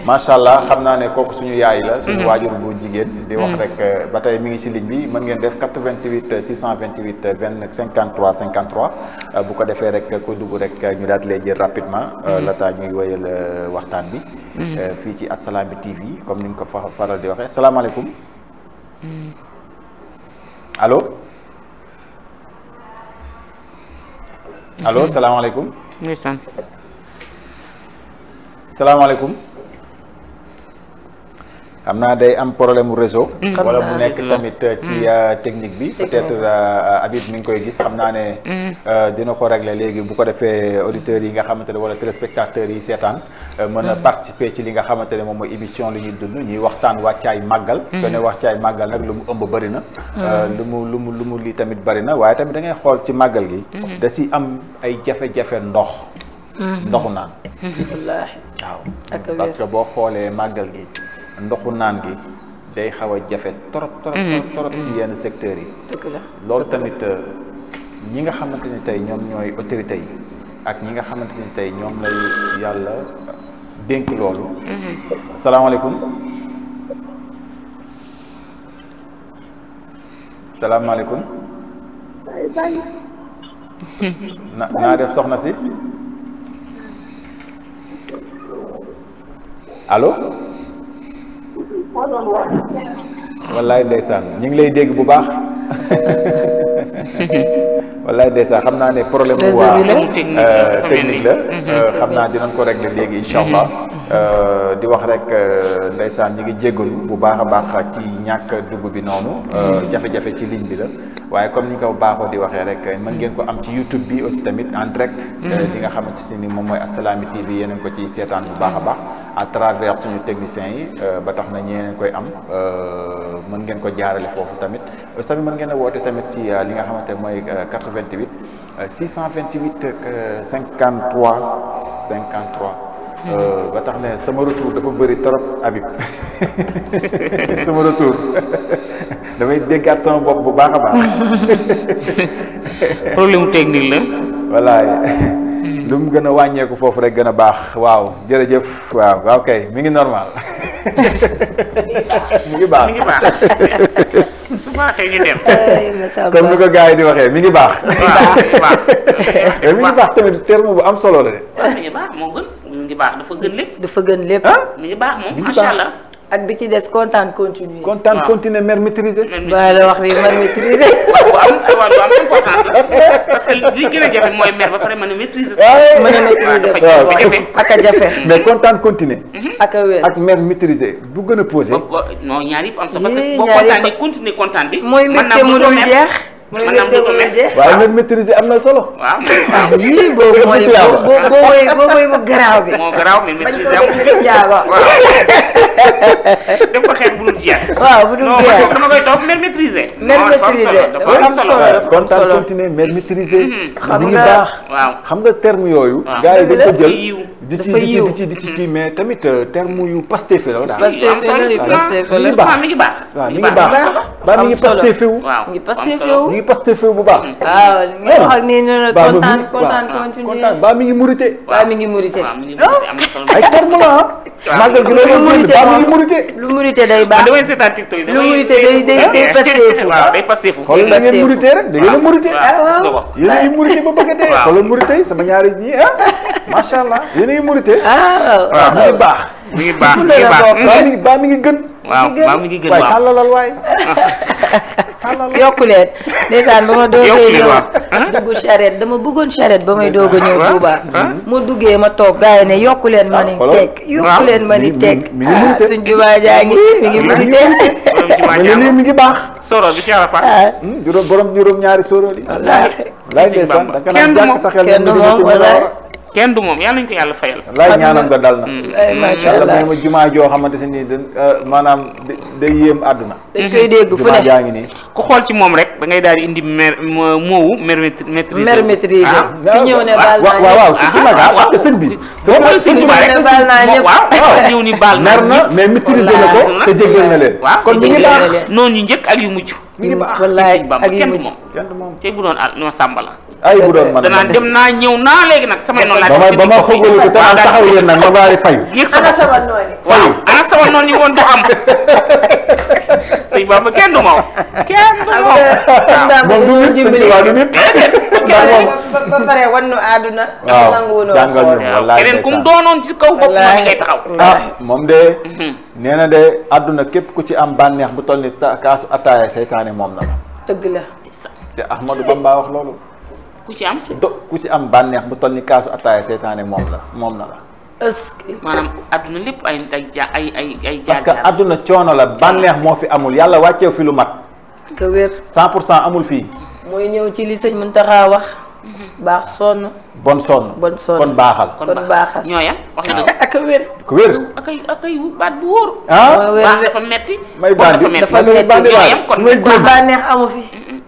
macha allah xam naa ne kooku suñu yaay la suñu mhm. waajur bu jigéen di wax mhm. rek euh, ba tey mi ngi si ligne bi mën ngeen def 88 628 20 53 53 bu ko defee rek ko dugg rek euh, ñu daal di lay jël rapidement euh, mhm. laata ñuy woyal waxtaan bi fii ci Assalaamy TV comme ni nga ko fa faral di waxee salaamaaleykum allo allo salaamaaleykum ndeysaan salaamaaleykum xam naa day am problème mu réseau. Mm. wala mu nekk tamit ci mm. euh, technique bi. peut-être euh, Habib ngi koy gis xam naa ne. Mm. Euh, dina ko régler léegi bu ko defee auditeurs yi nga xamante ne wala téléspectateurs yi seetaan. mën a participer ci li nga xamante ne moom mooy émission li ñuy dund ñuy waxtaan wàccaay màggal. ku ne wàccaay màggal nag lu mu ëmb bëri na. lu mu lu mu lu mu lii tamit bëri na waaye tamit da ngay xool ci màggal gi. Mm-hmm. dasi am ay jafe-jafe ndox. Mm-hmm. ndoxu naan. Mm-hmm. waaw parce boo xoolee màggal gi. ndoxu naan gi day xaw a jafe torop torop mhm. torop ci mhm. yenn secteurs yi loolu tamit euh, ñi nga xamante ni tey ñoom ñooy autorités yi ak ñi nga xamante ni tey ñoom lay yàlla dénk loolu mhm. salaamaaleykum salaamaaleykum naa def soxna si allo doon wax. wallaay ndeysaan ñu ngi lay dégg bu baax. wallaay ndeysaan xam naa ne problème. bu waa euh, technique la euh, mhm. xam naa dinañ ko régler léegi incha mhm. allah. Euh, di wax rek ndeysaan ñi ngi jéggalu bu baax a baax ci ñàkk dugg bi noonu mhm. jafe-jafe ci ligne bi la waaye comme ni ko baaxoo di waxee rek man ngeen ko am ci YouTube bi aussi tamit en direct. li nga xamante ni moom mooy Assalaamy TV yeneen ko ci seetaan bu baax a baax. à travers suñu techniciens yi euh, ba tax na ñeneen koy am euh, mën ngeen ko jaarale foofu tamit tamit mën ngeen a woote tamit ci euh, li nga xamante mooy 88 628 53 53. ba tax ne sama retour dafa bëri trop Habib sama retour damay déggaat sama bopp bu baax a baax. problème technique la. voilà. lu mu gën a wàññeeku foofu rek gën a baax waaw jërëjëf waaw waaw kay mi ngi normal mi ngi baax mi ngi baax comme ni ko gars yi di waxee mi ngi baax. Eh, mi ngi baax tamit terme bu am solo la de. mi ngi baax moo gën mi ngi baax dafa gën lépp. dafa gën lépp. mi ngi baax moom macha allah. ak bi ci des kontaan continuer. kontaan waaw. continuer mer maîtriser. waaw wax ni mer maîtriser. a jafe mooy mer ba a ak a jafe. mais kontaan continuer. Mhm. ak a wér ak mer maîtriser bu gën a posé. non ñaar yëpp am sa continuer kontaan bi. mooy mbégte mu dul jeex. maanaam du ko mel na solo. waaw waaw lii boobu mooy boobu mooy bu garaaw bi. moo garaaw mais maîtriser am def ko xeet bu dul jeex. waaw bu dul jeex non dama koy toog mais maîtriser. dafa am hmm. xam nga baax. waaw xam nga terme yooyu. gars yi dañ di ci di ci di ci kii tamit euh, terme yu Pastef la la mi ngi baax ngi baax. waaw mi ngi baax baax mi ngi Pastef wu. bu baax. Ah, waaw ni ngi murite. baa mi ngi murite. baa mi ngi murite. Ah. lu murite day baax lu murite day day day Pastef day Pastef wu. xool da ngeen murite rek da a murite. a ngi murite ba bëgg a dee. xoolal murite sama ñaari ji ah ngi mérité. Ah, ah, waaw mi ngi mi ngi baax mi ngi baax mi ngi baax mi ngi gën. waaw baax mi ngi gën waaw ma doogee ñëw dama bëggoon charrette ba may doog a ñëw Touba mu duggee ma toog gars ne yokku leen ma ni ah, teg yokku leen ma ni teg suñ jumaa jaa ngi mi ngi bëri teg ngi baax soro bi ci Arafat hmm? juróom borom juróom ñaari soro li wallaahi wallaahi ndeysaan moom wallaahi kenn du moom yàlla nañu ko yàlla fayal. laay ñaanam nga dal na. Mm. macha may mm. ma jumaa joo xamante ne nii euh, maanaam day yéem àdduna. dañ koy mm-hmm. dégg fu ne ngi nii. ku xool ci moom rek da ngay daal di indi mer moowu mer maîtrisé. mer maîtrisé ah. ki ñëw ne baal naa bi. Ah, waaw ñëw ni baal naa ñëpp mer na mais maîtrisé na ko te jéggal na leen. kon ñu ngi baax noonu njëkk ak yu mujj. ñu ngi ba ah ak sëñ Bamba kenn moom kenn moom tey bu doon al la ay bu doon man dem naa ñëw naa léegi nag samay noonu laa ba ma xëgalu ko tam taxaw yéen sama noonu waaw sama noonu yi woon du am Ah, sëñ ah, hmm. ah, Bamba kenn du moom. kenn du moom ba pare wan àdduna. waaw jàngal ñu keneen ku mu doonoon ci kaw bopp moom ngay taxaw. moom de. nee de àdduna képp ku ci am bànneex bu toll ni kaasu ataaya seytaane moom na la. dëgg la. te Ahmadou Bamba wax loolu. ku ci am si do ku ci am bànneex bu toll ni kaasu ataaya seytaane moom la moom na la. est-ce lépp ay ay ay ay jaar parce que adduna coono la bànneex moo fi amul yàlla wàcceew fi lu mat. ka wér. 100 pour cent amul fii. mooy ñëw ci li sëñ Mountakha wax. Mhm. baax sonn. bon sonn. bon sonn kon baaxal. kon baaxal ñooya. Ah, a wér. ak a wér ak ah? dafa metti. may bandi dafa metti bànneex amu fi.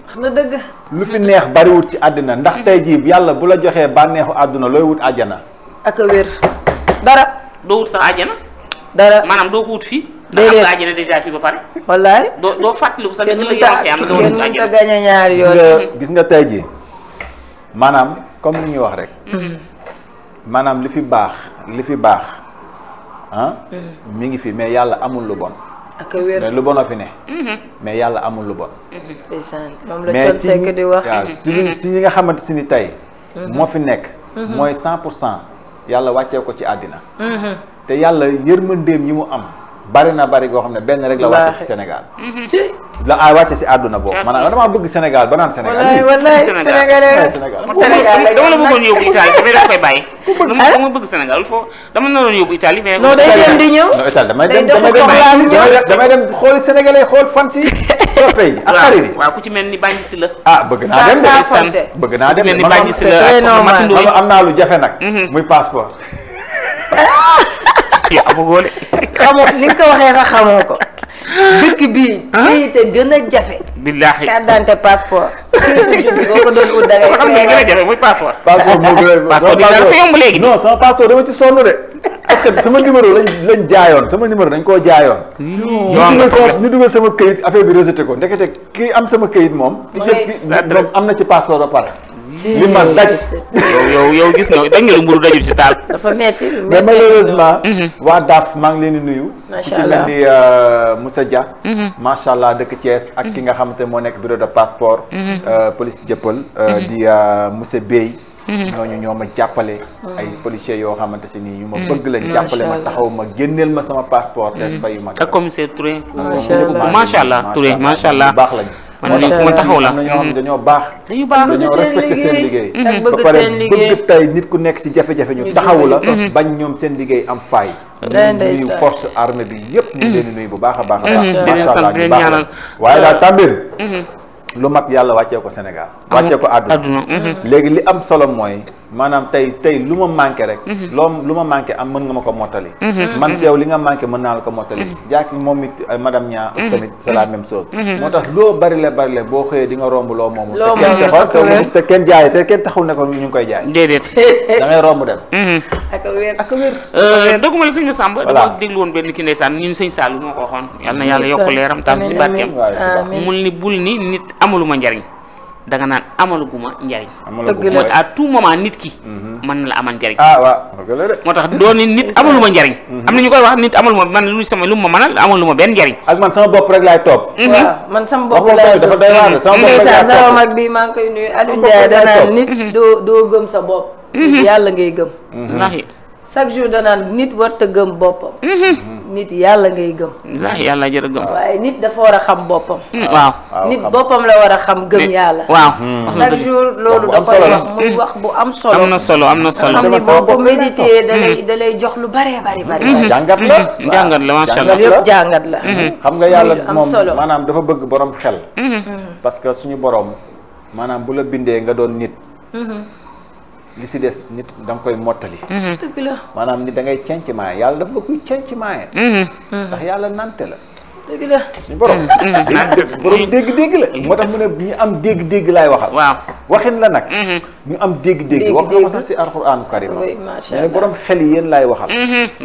wax na dëgg. lu fi neex bariwut ci àddina ndax tey jii yàlla bu la joxee bànneexu àdduna looy wut àjjana. ak wér. dara doo wut sa àjjana. dara maanaam doo ko wut fii. déedéet ndax am nga àjjana déjà fii ba pare. wallaay doo doo fàttaliku sax ni la a ñaari yoon. Mhm. gis nga tey jii maanaam comme ni ñuy wax rek. Mhm. maanaam li fi baax li fi baax ah. Mhm. mi ngi fii mais yàlla amul lu bon. ak mais lu bon a fi ne. mais yàlla amul lu bon. ndeysaan moom la Thione mais ci ñi nga xamante si ni tey. moo fi nekk. mooy cent pour cent. yàlla wàccee ko ci àddina mm-hmm. te ma yërmandeem yi mu am bari na bari goo xam ne benn rek la wàcce ci Sénégal mm-hmm. la a ah, wàcce si àdduna boobu maanaam damaa bëgg Sénégal ba naan Sénégal wallaay Sénégal Sénégal dama la bëggoon yóbbu Italie mais daf koy ah? bëgg Sénégal foo dama la doon yóbbu Italie mais non day dem di ñëw Italie damay dem damay dem damay dem xooli xool soppe yi a xarit i waaw ku ci mel ni bànji si la ah bëgg naa dem de bëgg naa dem de bànji am naa lu jafe nag mhm. muy passeport xamoo ni nga ko waxee sax xamoo ko dëkk bii. Ah? kayite gën a jafe. billaahi carte d'identité passeport. boo ko doon da ngay. xam nga gën a jafe a passeport bi dafa yomb léegi. non sama passeport dama ci sonn de. parce numéro lañ lañ jaayoon sama numéro dañ koo jaayoon. ñu dugal sama kayit affaire bi rejeté ko ndekete kii am sama kayit moom. mooy am na ci passeport ba pare. li ma daj. yow yow gis nga dañ nga lu mburu dajul ci taal. dafa metti mais malheureusement. Mhm. waa Daaf maa ngi leen di nuyu. macha allah ku ci mel ni euh, Moussa Dia. Mhm. macha allah dëkk Thiès ak ki mhm. nga xamante moo nekk bureau de passeport. Euh, police jëppal euh, di Moussa Bey. Mm-hmm. ñooñu ñoo ma jàppale mm-hmm. ay policiers yoo xamante si nii yu ma mm-hmm. bëgg lañ jàppale ma taxaw ma génneel ma sama passeport te fayu ma ak commissaire Touré macha allah Touré macha allah baax lañ man ma taxaw la ñoo xam ne dañoo baax dañu baax seen liggéey ba pare bëgg tey nit ku nekk si jafe-jafe ñu taxawu la bañ ñoom seen liggéey am faay nuyu force armée bi yëpp ñu leen nuyu bu baax a baax a baax macha allah ñu baax la waaye daal tàmbir lu mat yàlla wàccee ko Sénégal wàccee ko àdduna mhm. léegi li am solo mooy maanaam tey tey lu ma manqué rek mhm. loo lu ma manqué am mën nga ma ko mottali mhm. man mhm. yow li nga manqué mën naa la ko mottali jaaki moom it madame ñaa tamit c'est tax loo bari la bari boo di nga romb loo moomu te kenn jaay te kenn taxul ko ñu ngi koy jaay déedéet da ngay romb dem ak ak wér euh, doguma la sëñ ma sàmb déglu woon benn ki ndeysaan ñun sëñ Sall moo ko waxoon yal na yàlla yokk leeram tam si barkeem mul ni bul ni nit amuluma njariñ da nga naan amaluguma njariñ. amaluguma njariñ à tout moment nit ki. Mhm. mën na la amal njariñ. ah waaw moo tax doo ni nit amaluma njariñ. Mhm. am na ñu koy wax nit amaluma man lu sama lu ma mënal amaluma benn njariñ. ak man sama bopp rek laay topp. Mhm. waaw man sama bopp laay topp dafa doy sama mag bi maa ngi koy nuyu Aliou Ndiaye danaan nit doo doo gëm sa bopp. yàlla ngay gëm. chaque jour danaan nit warta gëm boppam. nit yàlla ngay gëm. la yàlla jërë gëm. waaye nit dafa war a xam boppam. Hmm, waaw nit boppam la war a xam gëm yàlla. waaw hmm. chaque jour loolu da wax muy wax bu am solo. am na solo am na solo. xam ni boo hmm. jox lu bëree bëri bëri. jàngat jàngat la xam nga yàlla moom maanaam dafa bëgg borom xel. parce que suñu borom maanaam bu la bindee nga doon nit. li si des nit da nga koy mottali. Mhm. dëgg la maanaam nit da ngay cenc maaye yàlla daf la kuy cenc maaye. Mhm. Mhm. ndax yàlla nante la. dëgg la suñu borom. dégg-dégg la. moo tax mu ne dégg-dégg laay waxal. waxin la nag. ñu am dégg-dégg wax nga ko sax si alxuraanu karima. macha allah borom xel yi yéen laay waxal.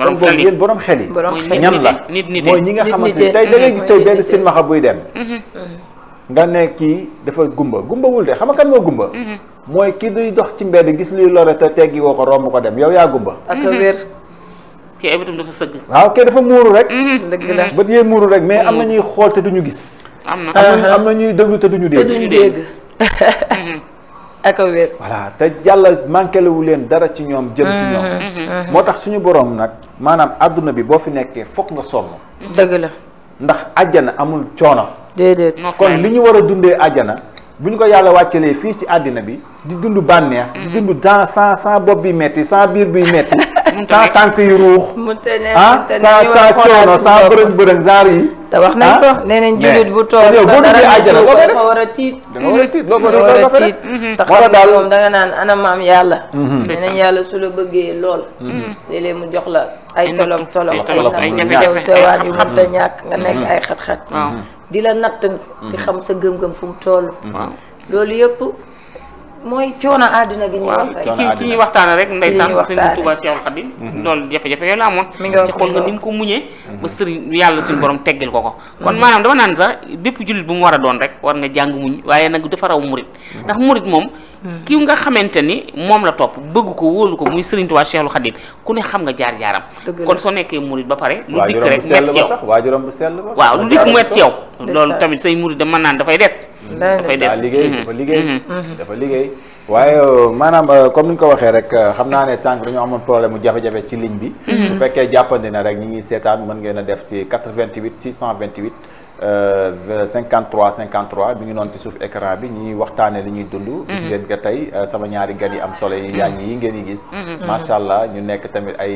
borom xel yi yéen borom xel yi. ñan la mooy ñi nga xamante ni tey da ngay gis tey benn silmaxa buy dem. nga ne kii dafa gumba gumba de xam nga kan moo gumba. Mhm. mooy ki duy dox ci mbedd gis luy lore te teggi woo ko romb ko dem yow yaa gumba. ak mhm. wér. kii ay bëtam dafa sëgg. waaw kii dafa muuru rek. Mhm, dëgg la bët yee muuru rek mais am na ñuy xool te duñu gis. am na am na ñuy déglu te duñu dégg. te duñu dégg. ak wér. voilà te yàlla manqué wu leen dara ci ñoom. jëm ci ñoom. moo tax suñu borom nag maanaam àdduna bi boo fi nekkee foog nga sonn. dëgg la ndax àjjana amul coono. déedéet kon li ñu war a dundee ajana bu ñu ko yàlla wàccalee fii ci àddina bi di dund bànneex di dund dans sans sans bopp bi metti sans biir biy metti sans tànk yu ruux. ah sans sans coono sans bërëng yi. te wax nañ ne ah. nee nañ jullit bu toog dara ajjana dafa war a tiit. dafa war a loolu a tiit. Mm-hmm. te xam moom danga naan ana maam yàlla. Mm-hmm. nee nañ yàlla su la bëggee lool. Mm-hmm. léeg mu jox la ay tolom tolom ay jafe ñàkk nga nekk ay xat-xat. di la natt di xam sa gëm-gëm fu mu loolu yëpp. mooy coono àddina gi ñuy wax rek ci ñuy waxtaana rek ndeysaan sëñ Touba Cheikhul Khadim mm-hmm. loolu jafe-jafe yooyu la amoon ci xool nga ni mu ko muñee ba mm-hmm. sëriñ yàlla suñu borom teggil ko ko mm-hmm. kon maanaam dama naan sax bépp jullit bu mu war a doon rek war nga jàng muñ waaye nag dafa raw murit ndax murit moom ki nga xamante ni moom la topp bëgg ko wóolu ko muy Serigne Touba Cheikhul Khadim ku ne xam nga jaar jaaram kon soo nekkee murid ba pare lu dikk rek met ci yow waajuram bu sell ba waaw lu dikk mu met ci loolu tamit say murid da mën naan dafay des mm-hmm. dafay des liggéey dafa liggéey mm-hmm. mm-hmm. dafa liggéey waaye euh, maanaam euh, comme ni ñu ko waxee rek euh, xam naa ne tànk dañoo amoon problème mu jafe-jafe ci ligne bi bu fekkee jàppandi na rek ñi ngi seetaan mën ngeen a def ci 88 628 53 euh, 53 euh, bi ngi noonu ci suuf écran bi ñuy waxtaanee li ñuy dund. Mhm. gis ngeen nga tey euh, sama ñaari gan yi am solo yi mhm. yaa yi ngeen di gis. Mhm. macha allah ñu nekk tamit ay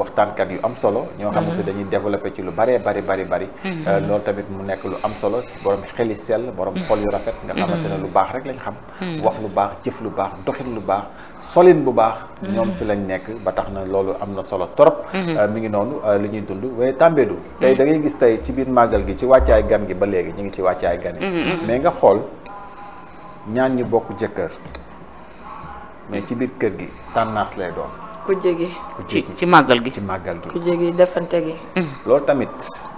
waxtaankat yu am solo. ñoo xamante dañuy développé ci lu bëree bari bari bari. loolu tamit mu nekk lu am solo borom xel yi sell borom xol yu rafet. nga xamante ne lu baax rek lañ xam. wax lu baax jëf lu baax doxin lu baax. solin bu baax mhm. ñoom ci lañ nekk ba tax na loolu am na solo trop mhm. euh, mi ngi noonu euh, li ñuy dund waaye tàmbeedu mhm. tey da ngay gis tey ci biir màggal gi ci wàccaay gan gi ba léegi ñu ngi ci wàccaay gan yi mais nga xool ñaan ñu bokk jëkkër mais ci biir kër gi tànnaas lay doon ku jege ci ci màggal gi ci màggal gi ku jege defante gi mm. loolu tamit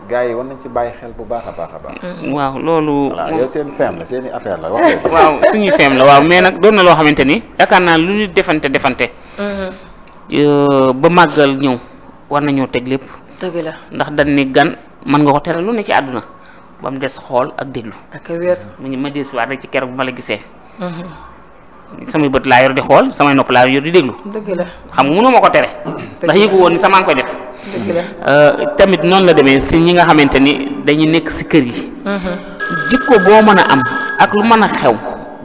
gars yi war nañ si bàyyi xel bu baax a baax a baax mm. waaw loolu yow seen feem affaire la wax waaw suñuy feem la waaw mais nag doon na loo xamante ni yaakaar naa lu ñu defante defante mm-hmm. euh, ba màggal ñëw war nañoo teg lépp dëgg la ndax dañ ni gan mën nga ko teral lu ne ci àdduna ba des xool ak déglu ak wér mu ngi ma des waat rek ci keroog bu ma la gisee mm-hmm. samay bët laa yor di xool samay nopp laa yor di déglu. dëgg la xam nga mënoo ma ko tere. ndax yëgu woon ni sama ngi koy def. Euh, tamit noonu la demee si ñi nga xamante ni dañuy nekk si kër yi. Mhm. jikko boo mën a am ak lu mën a xew.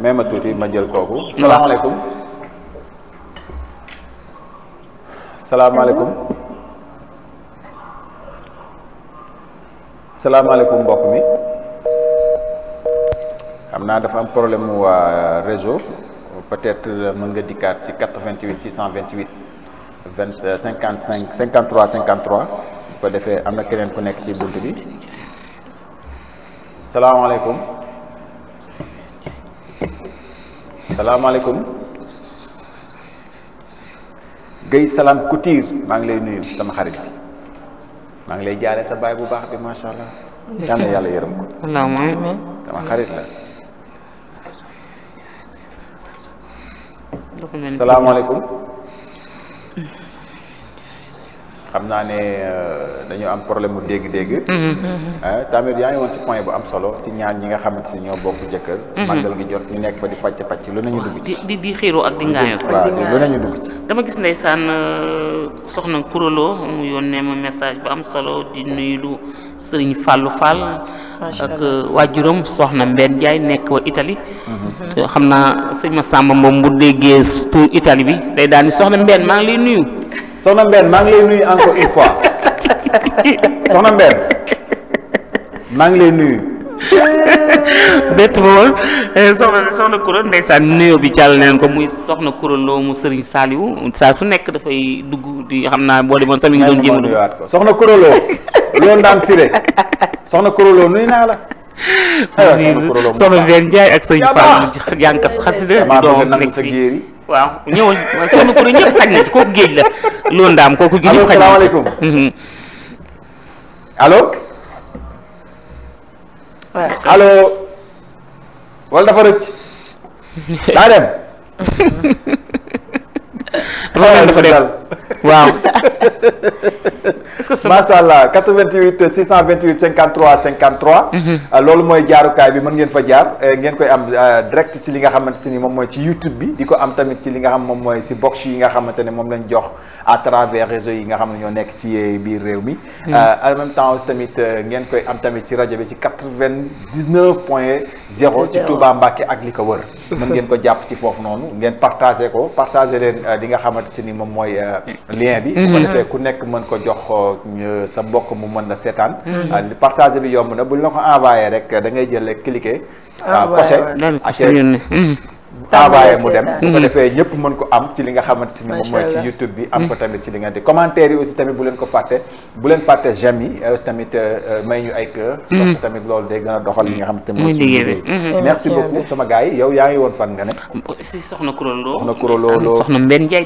mais ma tuuti ma jël kooku. salaamaaleykum. salaamaaleykum. salaamaaleykum mbokk mi. xam naa dafa am problème mu waa réseau. peut-être euh, mën nga dikkaat ci 88 628 20 55 53 53 bu ko defee am na keneen ku nekk ci bunt bi salaamaaleykum salaamaaleykum Guèye Salam Couture maa ngi lay nuyu sama xarit maa ngi lay jaale sa baay bu baax bi macha allah. yàlla yàlla yërëm ko. sama xarit la. salaamaaleykum xam naa ne euh, dañoo am problème mu dégg-dégg. Mm-hmm. Mm-hmm. Euh, tamit yaa ngi woon ci point bu am solo ci ñaar ñi nga xamante ni ñoo bokk jëkkër. Mm-hmm. màggal gi jot ñu nekk fa di pàcc pàcc lu nañu dugg ci. di di xiiroo ak di lu nañu dugg ci. dama gis ndeysaan euh, soxna Kurelo mu yónnee ma message bu am solo di nuyu lu Serigne Fallou Fall. ak waajuram soxna Mbène Ndiaye nekk wa Italie. te xam naa sëñ Massamba moom bu déggee tur Italie bi day daal soxna Mbène maa ngi lay nuyu. soxna Mbène maa ngi lay nuyu encore une ngi lay nuyu. bett bool eh, soxna soxna Koura ndeysaan nuyoo bi jàll neen ko muy soxna Koura Lo mu Serigne Saliou saa su nekk dafay dugg di xam naa boo demoon sami ngi doon jéem a ko soxna Koura Lo loolu daan firé soxna Koura nuyu naa la. soxna Koura Lo soxna Mbène Ndiaye ak sëñ Fall jànkas xasida doom nekk fii waaw ñëwoon seen kuréel ñëpp xaj na ci kooku géej la loolu ndaam kooku géej ñëpp xaj na ci mhm. allo allo wala dafa rëcc daa dem dafa dem dafa waaw macha allah 88 628 53 53. loolu mooy jaarukaay bi mën ngeen fa jaar euh, ngeen koy am euh, direct si li nga xamante si ni moom mooy ci YouTube bi di ko am tamit ci li nga xam moom mooy si box yi nga xamante ne moom lañ jox à travers réseau yi nga xam ne ñoo nekk ci euh, biir réew mi. Mhm. en même temps tamit ngeen koy am tamit ci rajo bi si 99 point 0 ci Touba Mbacke ak li ko wër. mën ngeen ko jàpp ci foofu noonu ngeen partagé ko partagé leen li nga xamante si ni moom mooy lien bi. Mhm. ko defee ku nekk mën ko jox. ko euh, sa mbokk mu mën na seetaan. Mm-hmm. Euh, partage bi yomb na buñ la ko envoyé rek da ngay jël cliquer. ah euh, envoyé mu dem bu ko defee ñëpp mën ko am ci li nga xamante si ni moom mooy ci youtube bi am ko mm. tamit ci li nga di commentaire yi aussi tamit bu leen ko fàtte bu leen fàtte j'aime euh, yi aussi tamit euh, euh, may ñu ay cœur mm-hmm. parce a mm-hmm. sama gars yi yaa ngi woon fan nga ne si soxna kuroloo soxna soxna Mbène Ndiaye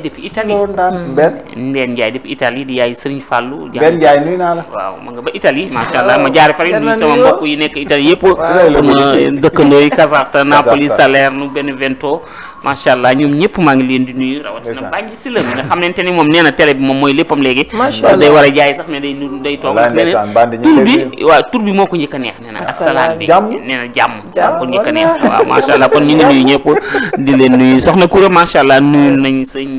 depuis Italie mm-hmm. yaay Serigne Fallou Mbène Ndiaye nuyu naa la waaw ma nga ba Italie macha allah ma jaare fari nuyu sama mbokk yi nekk Italie yëpp sama dëkkandoo yi Caserta Napoli Salerno Benevento toppatoo macha allah ñoom ñëpp maa ngi leen di nuyu rawatina bànji si la mi nga xamante ni moom nee na bi moom mooy léppam léegi day war a jaay sax ne day toog nee na tur bi waaw tur bi moo ko njëkk a a allah kon ñu nuyu ñëpp di leen nuyu soxna Koura macha allah nuyu nañ sëñ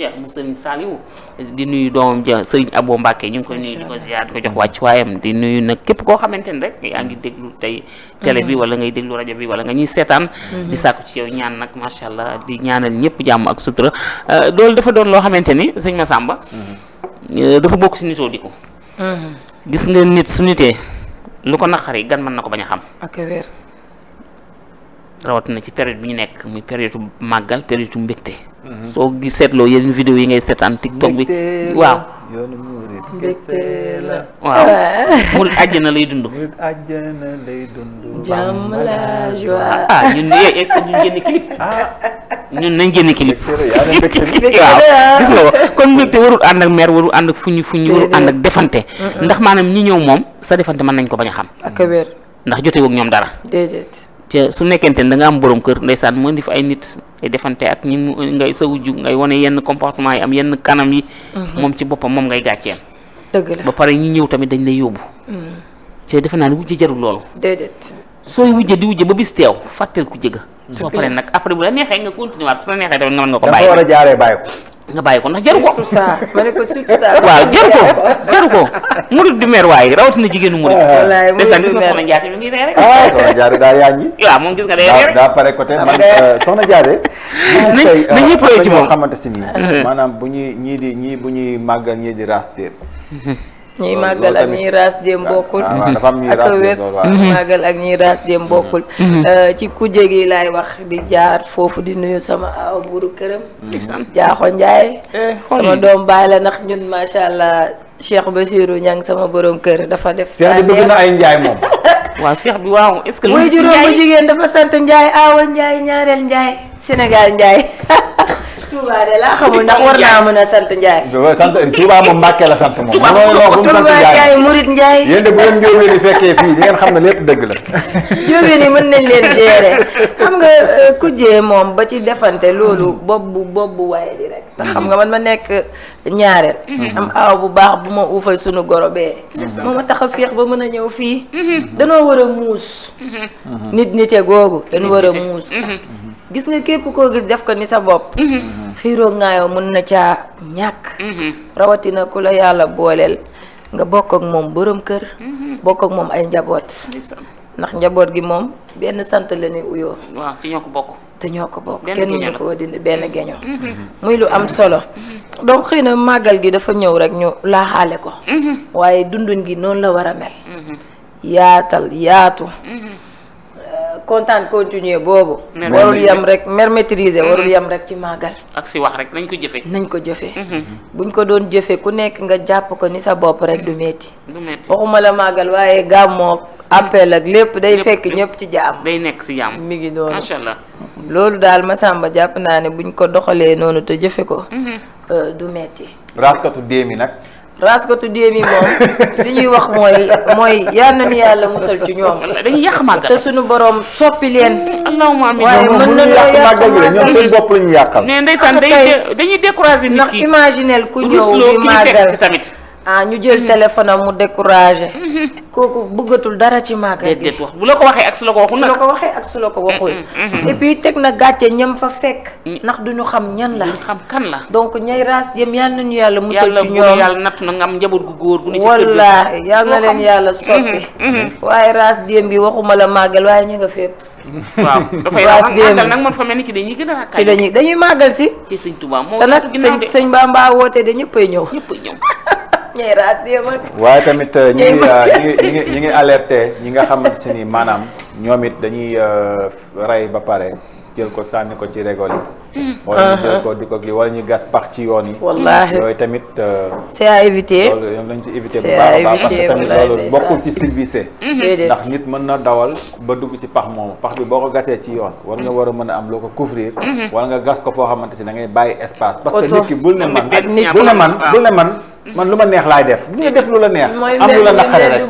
Cheikh mu sëriñ Saliou di nuyu doomam ja sëriñ Abo Mbacke ñu ngi koy nuyu di ko ziar di ko jox wàcc waayam di nuyu nag képp koo xamante ni rek yaa ngi déglu tey télé bi mhm. wala ngay déglu rajo bi wala nga ñuy seetaan mhm. di sàkku ci yow ñaan nag macha allah di ñaanal ñëpp jàmm ak sutura euh, loolu dafa doon loo xamante ni sëñ sàmba mhm. dafa bokk si nitoo di ko gis nga nit su nitee lu ko naqari gan mën na ko bañ a xam rawatina ci période bi ñu nekk muy période màggal période mbégte. Mhm. soo gi seetloo yeneen vidéo yi ngay seetaan tiktok bi. waaw yoonu murit kese la waaw murit àjjana lay dund. murit àjjana lay dund. jàmm la joie. ah, ah ñun est eh, ce eh, que ñu génn clip. Ah. ñun nañ génn clip. waaw gis nga ko kon mbégte warul ànd ak mer warul ànd ak fu ñu fu ñu warul ànd ak defante. ndax maanaam ñi ñëw moom sa defante mën nañ ko bañ a xam. ak wér ndax jote woog ñoom dara. déedéet. te su nekkente ne da nga am boroom kër ndeysaan mën di fa ay nit ay defante ak ñi ngay sa wujju ngay wane yenn comportement yi am yenn kanam yi. Mhm. moom ci boppam moom ngay gàcceel. dëgg ba pare ñi ñëw tamit dañ lay yóbbu. Mhm. te defe naa ne wujje jarul loolu. déedéet. sooy wujje di wujje ba bis teew fàtteel ku jëga Mhm. soo paree nag après bu la neexee nga continuer waat su la neexee tamit nga mën nga ko bàyyi war a jaaree bàyyi ko nga bàyyi ko ndax jaru ko ma ne ko surtout ça waaw jaru ko jaru ko murid di meer waaye rawatina jigéenu murid ndeysaan ah, daa yaa ñi waaw moom gis nga day reere euh, euh, na ñëpp roy ci moom bu ñii ñii bu ñuy màggal ñii di raas déer ñiy màggal ak ñiy raas jéem bokkul ak wér màggal ak ñiy raas jéem mm-hmm. bokkul mm-hmm. Euh, ci kujje gi laay wax di jaar foofu di nuyu sama aw buuru këram mm-hmm. jaaxo njaay eh, sama doom baay la ndax ñun macha allah Cheikh Basirou Niang sama borom kër dafa def Cheikh bëgg na jigéen dafa sant njaay aawa njaay ñaareel njaay Sénégal njaay Touba de laa xamul ndax war naa mën a sant Ndiaye. sant Touba moom Mbacke la sant moom. Touba moom bu leen fii xam ne lépp dëgg la. njóobeen yi euh, moom ba ci defante loolu bopp bu bopp xam nga man ma nekk ñaareel. Mhm. am bu baax bu ma uufal sunu goro bee. moo ma mën a ñëw fii. Mhm. danoo war a muus. Mhm. nit nite googu dañu war a muus. gis nga képp koo gis def ko ni sa bopp. Mm-hmm. xiiroo ngaayoo mën na caa ñàkk. Mm-hmm. rawatina ku la yàlla booleel nga bokk ak moom boroom kër. Mm-hmm. bokk ak moom ay njaboot. ndax njaboot gi moom benn sant la ñuy uyoo. bokk. te ñoo ko bokk kenn mënu ko dindi benn geño muy lu am solo. donc xëy na màggal gi dafa ñëw rek ñu laaxale ko. waaye dundun gi noonu la war a mel. yaatal yaatu. kontaan continuer boobu. warul yam rek mer maîtriser warul mm-hmm. yam rek ci màggal. ak si wax rek nañ ko jëfee. nañ ko jëfee. Mm-hmm. buñ ko doon jëfee ku nekk nga jàpp ko ni sa bopp rek du metti waxuma la màggal waaye gàmmoo appel ak lépp day fekk ñëpp ci jaam. day nekk si jaam mi ngi doon mm-hmm. loolu daal ma Massamba jàpp naa ne buñ ko doxalee noonu te jëfe ko. Euh, du metti raaskatu déemi nag. raskatu déem yi moom li ñuy wax mooy mooy yal nañu yàlla musal ci ñoom. dañuy yàq màggal te suñu boroom soppi leen. allahumma amiin waaye mën nañu yàq màggal bi ñoom seen bopp la ñuy yàqal. nee ndeysaan dañuy découragé nit ki ndax ku ñëw di màggal tamit. ah ñu jël mm-hmm. téléphone mu découragé. Mm-hmm. kooku bëggatul dara ci màggal gi. wax bu la ko waxee ak su la ko waxul ko waxee ak su la ko waxul. Mm-hmm. et puis teg na gàcce ñam fa fekk. Mm. ndax du ñu xam ñan la. xam kan la. donc ñay raas jëm yal nañu yàlla musal ci ñoom yàlla yàlla natt na nga njaboot gu góor gu ne ci wallaahi yal na leen yàlla soppi. waaye raas jëm bi waxuma la màggal waaye ñu nga fépp. waaw dafay màggal nag man ci dañuy gën a rakkaay. ci dañuy màggal si. ci sëñ Tuubaa moo te nag sëñ mbaam Bamba woote de ñëppay ñëw ñëppay ñëw ñooy waaye tamit uh, ñi ngi alerte uh, ñi ngi alerté ñi nga xamante ni maanaam ñoom it dañuy uh, rey ba pare jël ko sànni ko ci récolte wala ñu jël ko di ko lii wala ñu gas pax ci yoon yi. wallaahi yooyu tamit. Euh, c'est à éviter loolu yow ci éviter. c'est à éviter ci service. Mm-hmm. nit mën na dawal ba dugg ci pax moomu pax bi boo ko gasee ci yoon war nga mm-hmm. war a mën a am loo ko couvrir. Mm-hmm. wala nga gas ko foo xamante si da ngay bàyyi espace. parce que nit ki bul ne man ak nit bul ne man bul man. man lu ma neex lay def bu ñu def lu la neex. am lu la naqare rek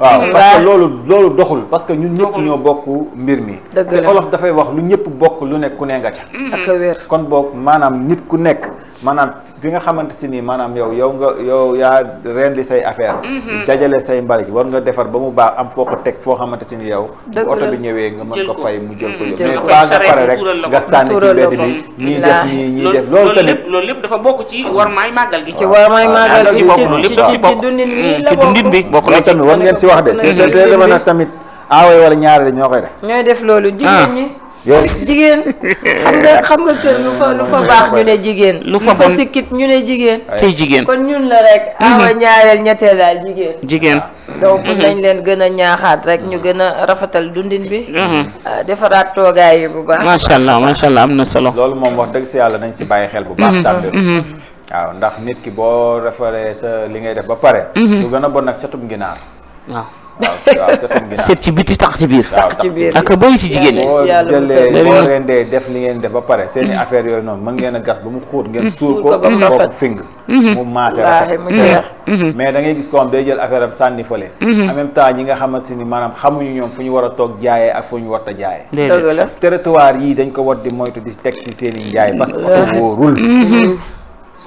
waaw parce que loolu loolu doxul parce que ñu ñëpp ñoo bokk mbir mi. te la olof dafay wax lu ñëpp bokk lu ne ku ne nga ca. ak kon boog maanaam nit ku nekk maanaam bi nga xamante si nii maanaam yow yow nga yow yaa reen li say affaire dajale say mbari war nga defar ba mu baax am foo ko teg foo xamante si ni yow bu oto bi ñëwee nga mën ko fay mu jël ko yow mais pas nga pare rek nga sànni ci mbedd bi ñii def ñii ñii loolu tamit dafa bokk ci war maay màggal gi ci war maay màggal bi bokk ci dundin bi bokk na tamit war ngeen si wax de c'est dama nag tamit aawee wala ñaari ñoo koy def ñooy def loolu jigéen ñi yow jigéen xam nga xam nga kër lu fa lu fa baax ñu ne jigéen. lu fa sikkit ñu ne jigéen. tey jigéen kon ñun la rek. Mhm. awa ñaareel ñetteel daal jigéen. jigéen. donc mhm. nañ leen gën a ñaaxaat rek ñu gën a rafetal dundin bi. Mhm. Ah, defaraat toogaay yi bu baax. macha allah macha allah am na solo. loolu moom wax dëgg si yàlla nañ si bàyyi xel bu baax. tàmbali ndax nit ki boo refalee li ngay def ba pare. lu gën a bon nag satum ginaar waaw. set ci biti tax ci biir. tax ci biir ak bëri ci jigéen ñi. yàlla boo def li ngeen def ba pare seen i affaire yooyu noonu mën ngeen a gas ba mu xóot ngeen. suur ko ba mu rafet fing. Mm-hmm. mu maase rafet mm-hmm. mais da gis ko am day jël affaire am sànni fële. Mm-hmm. en même temps ñi nga xamante ni maanaam xamuñu ñoom fu ñu war a toog jaayee ak fu ñu warta a dëgg la territoire yii dañ ko war di moytu di teg ci seen i njaay parce que oto wóorul.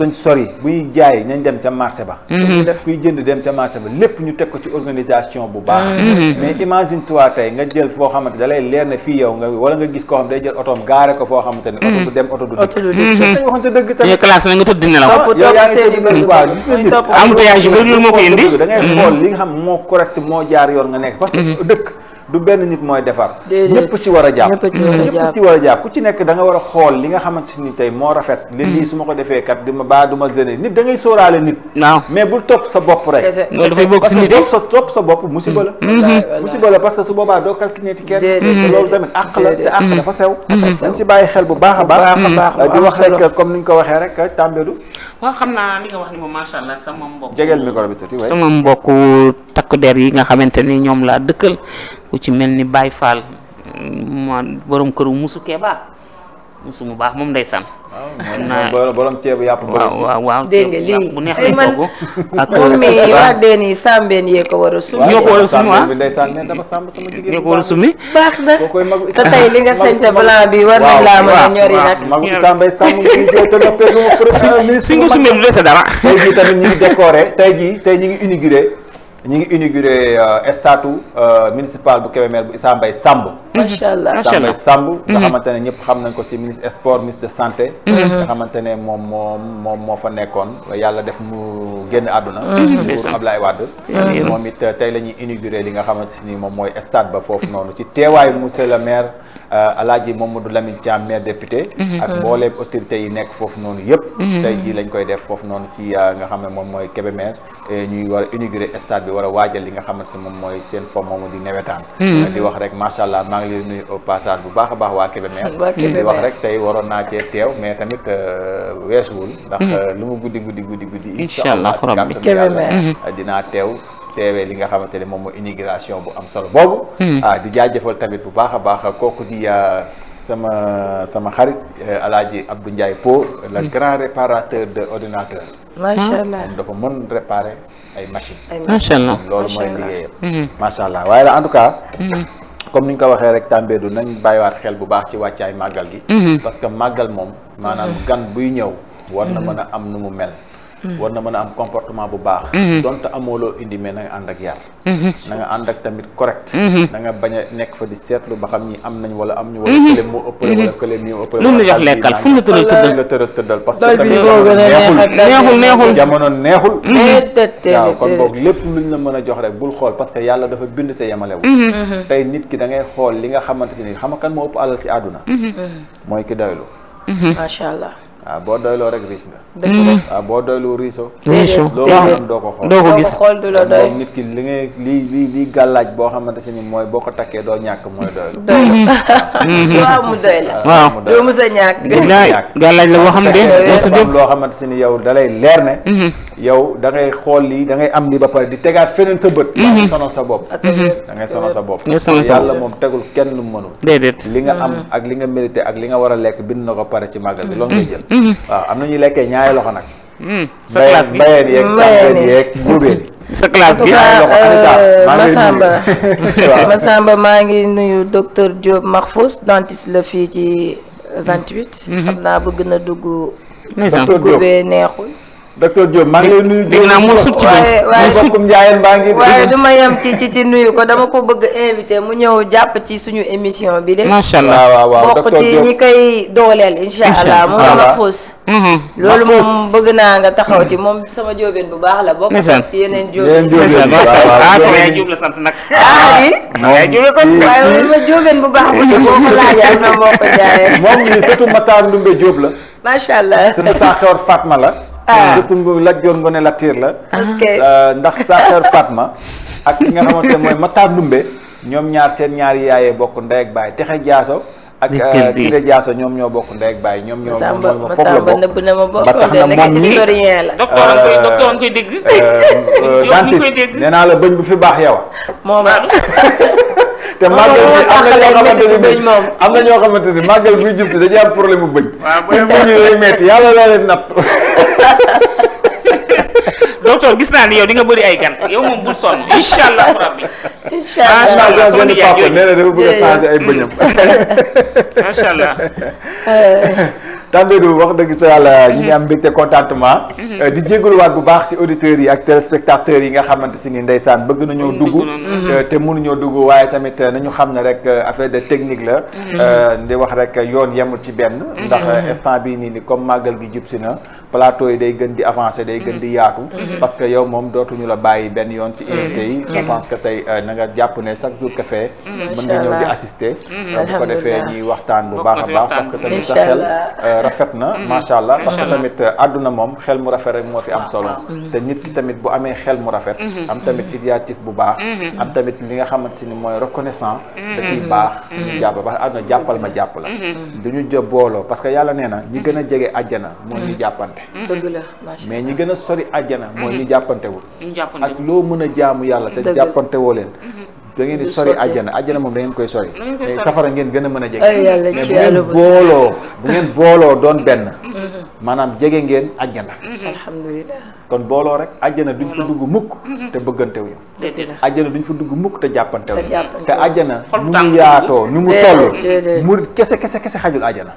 suñ sori bu ñuy jaay nañ dem ca marché ba mhm. kuy jënd dem ca marché ba lépp ñu teg ko ci organisation bu baax mhm. Mhm. mais imagine toi tey nga jël foo xamante da lay leer ne fii yow nga wala nga gis koo xam day jël otoom gaare ko foo xamante ne oto du dem oto du dëgg waxante dëgg tamit classe na nga tëdd nelaw ah, waaw gis nga nit embouteillage yu bëri loolu moo ko indi da ngay xool li xam moo correct moo jaar yoon nga nekk parce dëkk du benn nit mooy defar. ñëpp ci war a jàpp ñëpp ci war a ku ci nekk da nga war a xool li nga xamante ni tey moo rafet. li lii mm. su ma ko defee kat ma baa ma gënee nit da ngay sóoraale nit. mais bul topp sa bopp rek. loolu dafay bokk ci nit parce que topp sa bopp musiba la. Mm-hmm. la parce que su boobaa doo calculer ci kenn. loolu tamit àq la te àq mm-hmm. dafa sew. Mm-hmm. dañ ci bàyyi xel bu baax a baax. Euh, di wax rek comme ni ñu ko waxee rek euh, tàmbeedu. waaw xam naa li nga wax ni moom macha allah sama mbokk. jegeel bi tuuti mbokk takk der yi nga xamante ni ñoom laa dëkkal ku ci mel ni Baye Fall ma borom këru musu keebaa musu mu baax moom ndeysaan. waaw borom ceebu yàpp waaw waaw waaw dégg nga lii bu neex lay togg ak moom mi wax ah. dee nii sàmbeen yee a a a sumi te tey nga sumee du dese dara tey jii tamit ñu ngi décoré tey jii ngi inauguré ñu ngi inauguré euh, stade euh, municipal bu Kébémer bu Issa Mbaye Samb. macha allah Issa nga mhm. xamante ne ñëpp xam nañ ko ci ministre sport ministre de santé. Mhm. nga xamante ne moom moo moom moo fa nekkoon yàlla def mu génn àdduna. Mhm. pour Ablaye Wade. moom it euh, tey la ñuy inauguré li nga xamante ni moom mooy stade ba foofu noonu ci teewaayu monsieur maire Alaaji Mamadou Lamine Thiam maire député. ak mbooleem autorités yi nekk foofu noonu yëpp. tey jii lañ koy def foofu noonu ci nga xam ne moom mooy Kébémer ñuy war a inauguré bi bi war a waajal li nga xamante ne moom mooy seen fo moomu di newetaan hmm. di wax rek macha allah maa ngi leen nuyu au passage bu baax a baax waa Kébémer hmm. di wax rek tey waroon naa cee teew mais tamit euh, weesuwul ndax hmm. euh, lu mu guddi guddi guddi guddi incha allah rabbi Kébémer euh, dinaa teew teewee li nga xamante ne moom moo inauguration bu am solo boobu ah di jaajëfal tamit bu baax a baax kooku di sama sama xarit alaaji Abdou Ndiaye Po le grand réparateur de ordinateur macha allah ay machine macha loolu mooy liggéeyam mhm. macha waaye la en tout cas mhm. comme ni ñu ko waxee rek tàmbeedu nañ waat xel bu baax ci ay màggal gi mhm. parce que màggal moom maanaam gan buy ñëw war na mën a am nu mu mel Mm-hmm. war na mën a am comportement bu baax mm-hmm. donte amoo loo indi mais na nga ànd ak yar mm-hmm. na ànd ak tamit correct na bañ a nekk fa di seetlu ba xam ñi am nañ wala am ñu wala kële moo ëppale wala kële mi ëppale lu jox lekkal fu ñu tëddal tëddal parce que neexul neexul jamono neexul waaw kon boog lépp luñ la mën a jox rek bul xool parce que yàlla dafa bind te yemalewu tey nit ki da ngay xool li nga xamante si ni xam kan moo ëpp alal ci àdduna mooy ki doylu waaw ah, boo doyloo rek riis nga. dëgg mm. la waaw ah, boo doyloo riisoo. riisoo loo doo ko gis nit ki li ngay li li li gàllaaj boo xamante ne mooy boo ko takkee doo ñàkk mooy doylu. doylu mm-hmm. Mm-hmm. Mm-hmm. waaw mu doy la. waaw ah, doo mës a ñàkk. gàllaaj la boo xam de. loo xamante ne yow dalay leer ne. yow da ngay xool lii da ngay am lii ba pare di tegaat feneen sa bët. Mhm. da ngay sonal sa bopp. da ngay sonal sa bopp. yàlla moom tegul kenn lu mu mënul. déedéet li nga am mhm. ak li nga mérité ak li nga war a lekk bind na ko pare ci màggal bi mhm. loolu ngay jël. waaw am na ñuy lekkee ñaari loxo nag. sa classe bi mbayeen yeeg tàmbeen yeeg góobeen sa classe bi Massamba Massamba maa ngi nuyu docteur Diop Mahfous dentiste la fii ci 28. xam naa bëgg na dugg. góobee neexul. docteur Diop maa ngi lay nuyu. dégg naa moo sut ci waaye waaye waaye du ma yem ci ci ci nuyu ko dama ko bëgg invité mu ñëw jàpp ci suñu émission bi de. macha allah waaw waaw bokk ci ñi koy dooleel. incha allah mu ngi fuus. Mm-hmm. loolu moom bëgg naa nga taxaw ci moom sama jóobeen bu baax la bokk. ndeysaan yeneen jóobeen ah sama la sant nag. ah, ah, ah, ah. di. ma jóobeen bu baax bu ne na moo ko jaayee. la. macha allah sëtu saa xewar Fatma la. surtout ah. bu Lat Joor Ngoone Latiir la ah. ah, ndax Saakaar ma ak ki nga xamante mooy Matar Ndumbe ñoom ñaar seen ñaari yaayee bokk ndey ak baay texe jaaso ak Kire Diasso ñoom ñoo bokk ndey ak baay ñoom ñoo moom foofu la bokk ba tax na moom mi docteur an koy docteur an koy dégg euh, euh, dentiste nee naa la bëñ bu fi baax yow te màggal am na ñoo xamante ni bëñ moom am na ñoo xamante ni màggal buy jub si dañuy am bëñ waaw ñu lay metti yàlla la leen natt docteur gis naa ni yow di nga bëri ay gan yow moom bul sonn incha allah rabbi incha allah macha allah sama nijaay nee bëgg a changer ay bëñam macha allah Tambédou wax dëgg sa yàlla ñu ngi mhm. am mbégte contentement mhm. euh, di waat bu baax si auditeurs yi ak téléspectateurs yi nga xamante si ni ndeysaan bëgg nañoo dugg euh, te mënuñoo dugg waaye tamit euh, nañu xam ne rek affaire de technique la ndi mhm. wax rek yoon yemul ci benn ndax instant bii nii ni comme màggal gi jub si na plateau yi day gën di avancé day gën di yaatu parce que yow moom dootuñu la bàyyi benn yoon si invité yi je pense que tey na jàpp ne chaque jour café mën nga ñëw di assister bu ñuy waxtaan bu baax a parce que tamit rafet na mm-hmm. macha allah parce tamit euh, àdduna moom xel mu rafet rek moo fi am ah, solo ah, mm-hmm. te nit ki tamit bu amee xel mu rafet mm-hmm. am tamit idéatif bu baax am tamit li nga xamante si ni mooy reconnaissant da ciy baax ñu jàpp parce que jàppal ma jàpp la du ñu jë booloo parce que yàlla nee na ñi gën a jege àjjana mooy ñu jàppante mais ñi gën a sori àjjana mooy ñu jàppante wul ak loo mën a jaamu yàlla te jàppante woo leen da ngeen sori àjjana ajjana moom da ngeen koy sori safara ngeen gën a mën a jege mais bu ngeen booloo bu ngeen booloo doon benn mm-hmm. maanaam jege ngeen àjjana mm-hmm. alhamdulilah kon booloo rek du ñu fa dugg mukk te bëggantewuñu àjjana duñ fa dugg mukk te jàppantewuñu te àjjana nu mu yaatoo nu mu toll mu kese kese kese xajul àjjana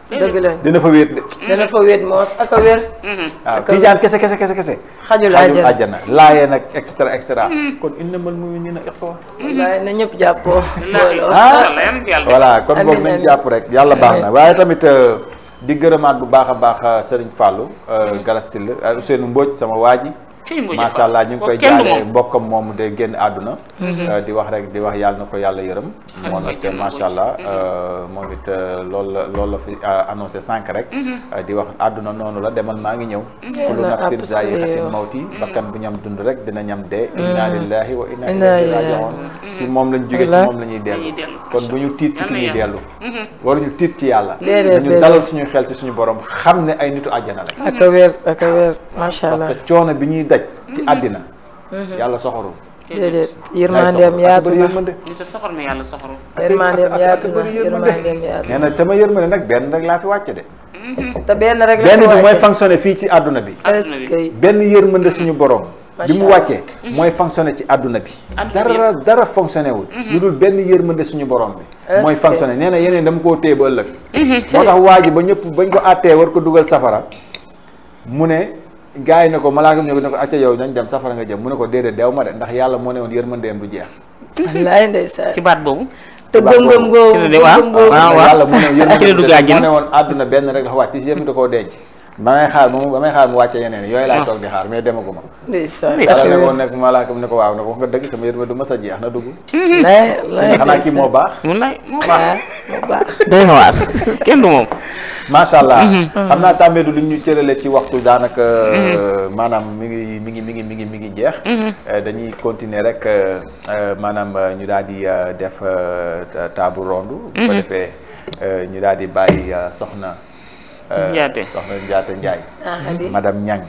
dina fa wéet de dina fa wéet moos ak a wér mm-hmm. waaw tijaan kese kese kese kese xajul àjjana laayee nag extra extra mm-hmm. kon innamal mu'minina ixwa waaye mm-hmm. na ñëpp jàppoo ah! voilà kon boobu nañ jàpp rek yàlla baax na waaye tamit euh, di gërëmaat bu baax a baax euh, Serigne Fallou euh, Galas Syll euh, Ousseynou Mbodj sama waa ji macha allah ñu ngi koy jaaree mbokkam moom de génn àdduna mm-hmm. euh, di wax rek di wax yàlla na ko yàlla yërëm moo nag macha allah mm-hmm. euh, moom it euh, loolu la loolu la fi annoncé sànq rek mm-hmm. di wax àdduna noonu la demal maa ngi ñëw kullu nafsin zaa'iqatul mawti bakkan bu ñam dund rek dina ñam dee inna lillahi wa inna ilayhi ci moom lañ jóge ci moom la ñuy dellu kon bu ñu tiit ci ki ñuy dellu waruñu tiit ci yàlla dañu dalal suñu xel ci suñu borom xam ne ay nitu àjjana la ak a wér ak a coono bi ñuy daj ci mhm. àddina mhm. yàlla soxorul déedéet yërmandeem yaatu na nit a soxor mais yàlla soxorul yërmandeem yaatu na yërmandeem yaatu na nee na sama yërmande nag benn rek laa fi wàcce de mhm. te benn rek la benn bi mooy fonctionné fii ci àdduna bi benn yërmande suñu borom bi mu wàccee mooy fonctionné ci àdduna bi dara dara fonctionné wul lu dul benn yërmande suñu borom bi mooy fonctionné nee na yeneen dama koo téye ba ëllëg moo tax waa ji ba ñëpp bañ ko àttee war ko dugal safara mu ne gaa yi ne ko malaaka ne ko ne ko acca yow nañ dem safara nga jëm mu ne ko déedéet deew ma de ndax yàlla moo ne woon yërmandeem du jeex wallaay ndeysaan ci baat boobu te gëm-gëm googu yàlla moo ne woon moo ne woon àdduna benn rek la wàcc ci yëf da koo denc damay xaar moom xaar mu wàcce yeneen yooyu laay ah. toog di xaar mais demaguma. ndeysaan dara ne ko nekk malaaka bi ne ko waaw ne ko wax nga dëgg sama yërmande du ma sa jeex na dugg. lay lay xanaa kii moo baax. mun na macha allah. Mhm. xam naa tàmbeedu li ñu ci waxtu daanaka. Mhm. Euh, maanaam mi ngi mi ngi mi ngi mi ngi mi ngi jeex. Mhm. Euh, dañuy continuer rek euh, maanaam ñu daal di def table ronde. bu ko defee ñu daal di bàyyi soxna. Njaate eh, soxna Njaate Njaay ah, madame Niang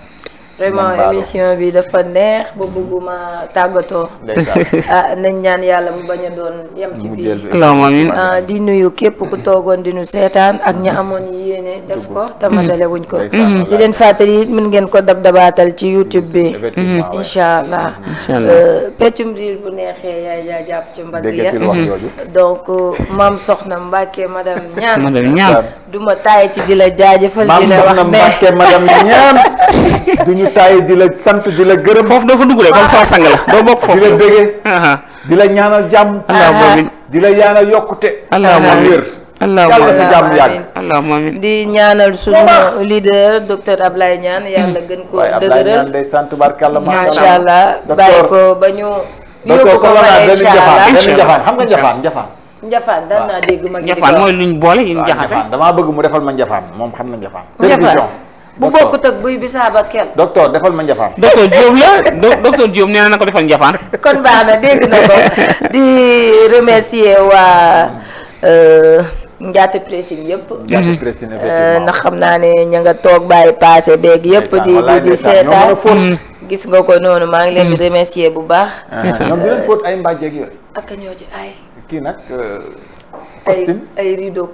vraiment émission bi dafa neex ba bëgguma tàggatoo. ah nañ ñaan yàlla mu bañ a doon yem ci biir. Ah, di nuyu képp ku toogoon di nu seetaan ak ña amoon yéene def ko tamatale mhm. wuñ ko. Mhm. di leen fàttali it mën ngeen ko dab dabaatal ci YouTube bi. Mhm. incha allah euh, peccum riir bu neexee yaay yaa jàpp ci mbagg euh, Soxna Mbacke ma taay ci di la jaajëfal. di wax ne maam Soxna duñu taay di la sant di la gërëm. foofu doo fa dugg de moom sama la doo bokk foofu. di la bëggee. di la ñaanal jàmm. allahumma amiin di la ñaanal yokkute. allahumma amiin yàlla sa jàmm yàgg. allahumma di ñaanal sunu leader docteur Ablaye Niane yàlla gën ko dëgëral day sant barkalla macha allah bàyyi ko ba ñu. yóbbu ko fa incha allah njafaan xam nga njafaan njafaan. njafaan daan naa dégg ma. njafaan mooy luñ boole yi njafaan damaa bëgg mu defal ma njafaan moom xam na njafaan. bu bokkut ak buy bisaab ak kenn. docteur defal ma njafaan. docteur Diop la docteur Diop nee na ko defal njafaan. kon baax na dégg na ko di remercier waa. Euh, njaate pressing yëpp euh, ndax xam naa ne ña nga toog bàyyi passé beeg yëpp di di di mm. gis nga ko noonu maa ngi leen di mm. bu baax ah, ñoom di ay mbàjjeeg ak ñoo ci ay kii nag euh, costume ay ay rideau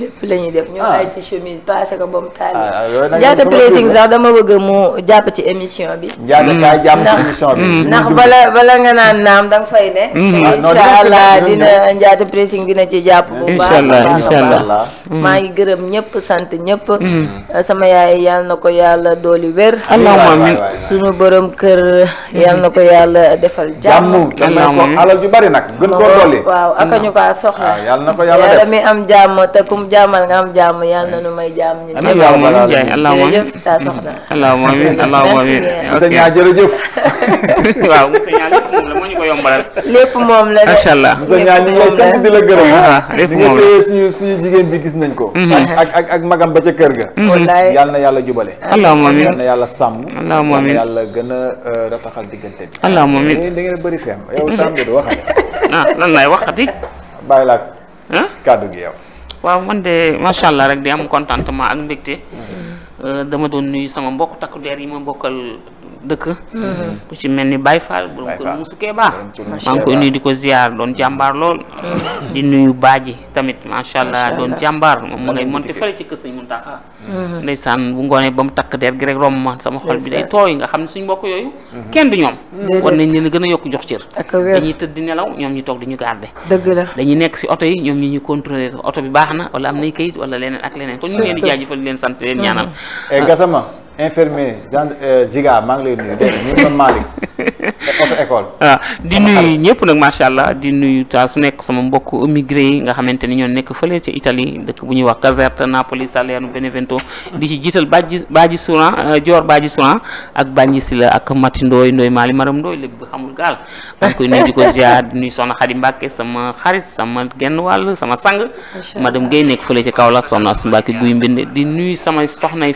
lépp la ñuy def. ñoo ah. ay ci chemise passé ko ba mu ah, ah, taal. pressing sax dama bëgg mu jàpp ci émission bi. Mm. jaata kaay jàpp ci mm, ndax bala bala nga naan naam danga fay ne. incha allah dina njaata pressing dina ci jàpp. bu baax incha allah mm. maa ngi gërëm ñëpp sant ñëpp. Uh, sama yaay yal na ko yàlla dooli wér. allahumma amin suñu borom kër yal na ko yàlla defal jàmm. soxla. yàlla mi am jàmm te kum jàmmal nga am jàmm yàlla na nu may jàmm ñu allahumma amiin jaay allahumma amiin jërëjëf ta soxna allahumma amiin allahumma amiin monsieur Niang jërëjëf waaw monsieur Niang lépp moom la moo ñu ko yombalal lépp moom la macha allah monsieur Niang ñu ngi sant di la gërëm ah. Ah, lépp moom la suñu suñu jigéen bi gis nañ ko mhm. ak ak ak magam ba ca kër ga mhm. wallaay yàlla na yàlla jubale allahumma amiin yàlla na yàlla sàmm allahumma amiin yàlla gën a euh, rataxal diggante bi allahumma amiin eh, da ngeen bëri feem yow tam nga du waxal ah lan lay waxati bàyyi laa kàddu gi yow. waaw man de macha allah rek di am contentement ak mbégte. Mm-hmm. Euh, dama doon nuyu sama mbokk takku der yi ma mbokkal dëkk mm-hmm. ku ci mel ni Baye Fall borom kër Moussa Keba maa ngi koy nuyu di ko ziar doon jàmbaar lool mm-hmm. di nuyu baaji tamit macha allah doon jàmbaar moom ma ngay monte fële ci kër sëñ mun tàqa bu ngoonee ba mu takk der gi rek romb ma sama xol bi day tooy xam ne suñ yooyu mm-hmm. kenn du ñoom war nañ leen gën a yokk jox cër dañuy tëdd di nelaw ñoom ñu toog di ñu garder dëgg la nekk si oto yi ñoom ñu ñu contrôler oto bi baax na wala am nay kayit wala leneen ak leneen kon ñu leen di jaajëfal di leen sant leen ñaanal eh, infirmier genre euh, Ziga maa ngi lay nuyu dégg nga ñu ngi doon Malick auto école. waaw ah, di nuyu ñëpp nag macha allah di nuyu saa su nekk sama mbokku immigré yi nga xamante ni ñoo nekk fële ca Italie dëkk bu ñuy wax Caserta Napoli Salerno Benevento. di ci jiital Badji Badji Souran euh, Dior Badji Souran ak Badji Sila ak Mati Ndoye Ndoye ma Maram Ndoye lépp xamul gaal maa ngi koy nuyu di ko ziar di nuyu soxna Xadi Mbàkke sama xarit sama genn wàll sama sang. madame Guèye nekk fële ca Kaolack soxna Asu Mbàkke guy mbind di nuyu samay soxnay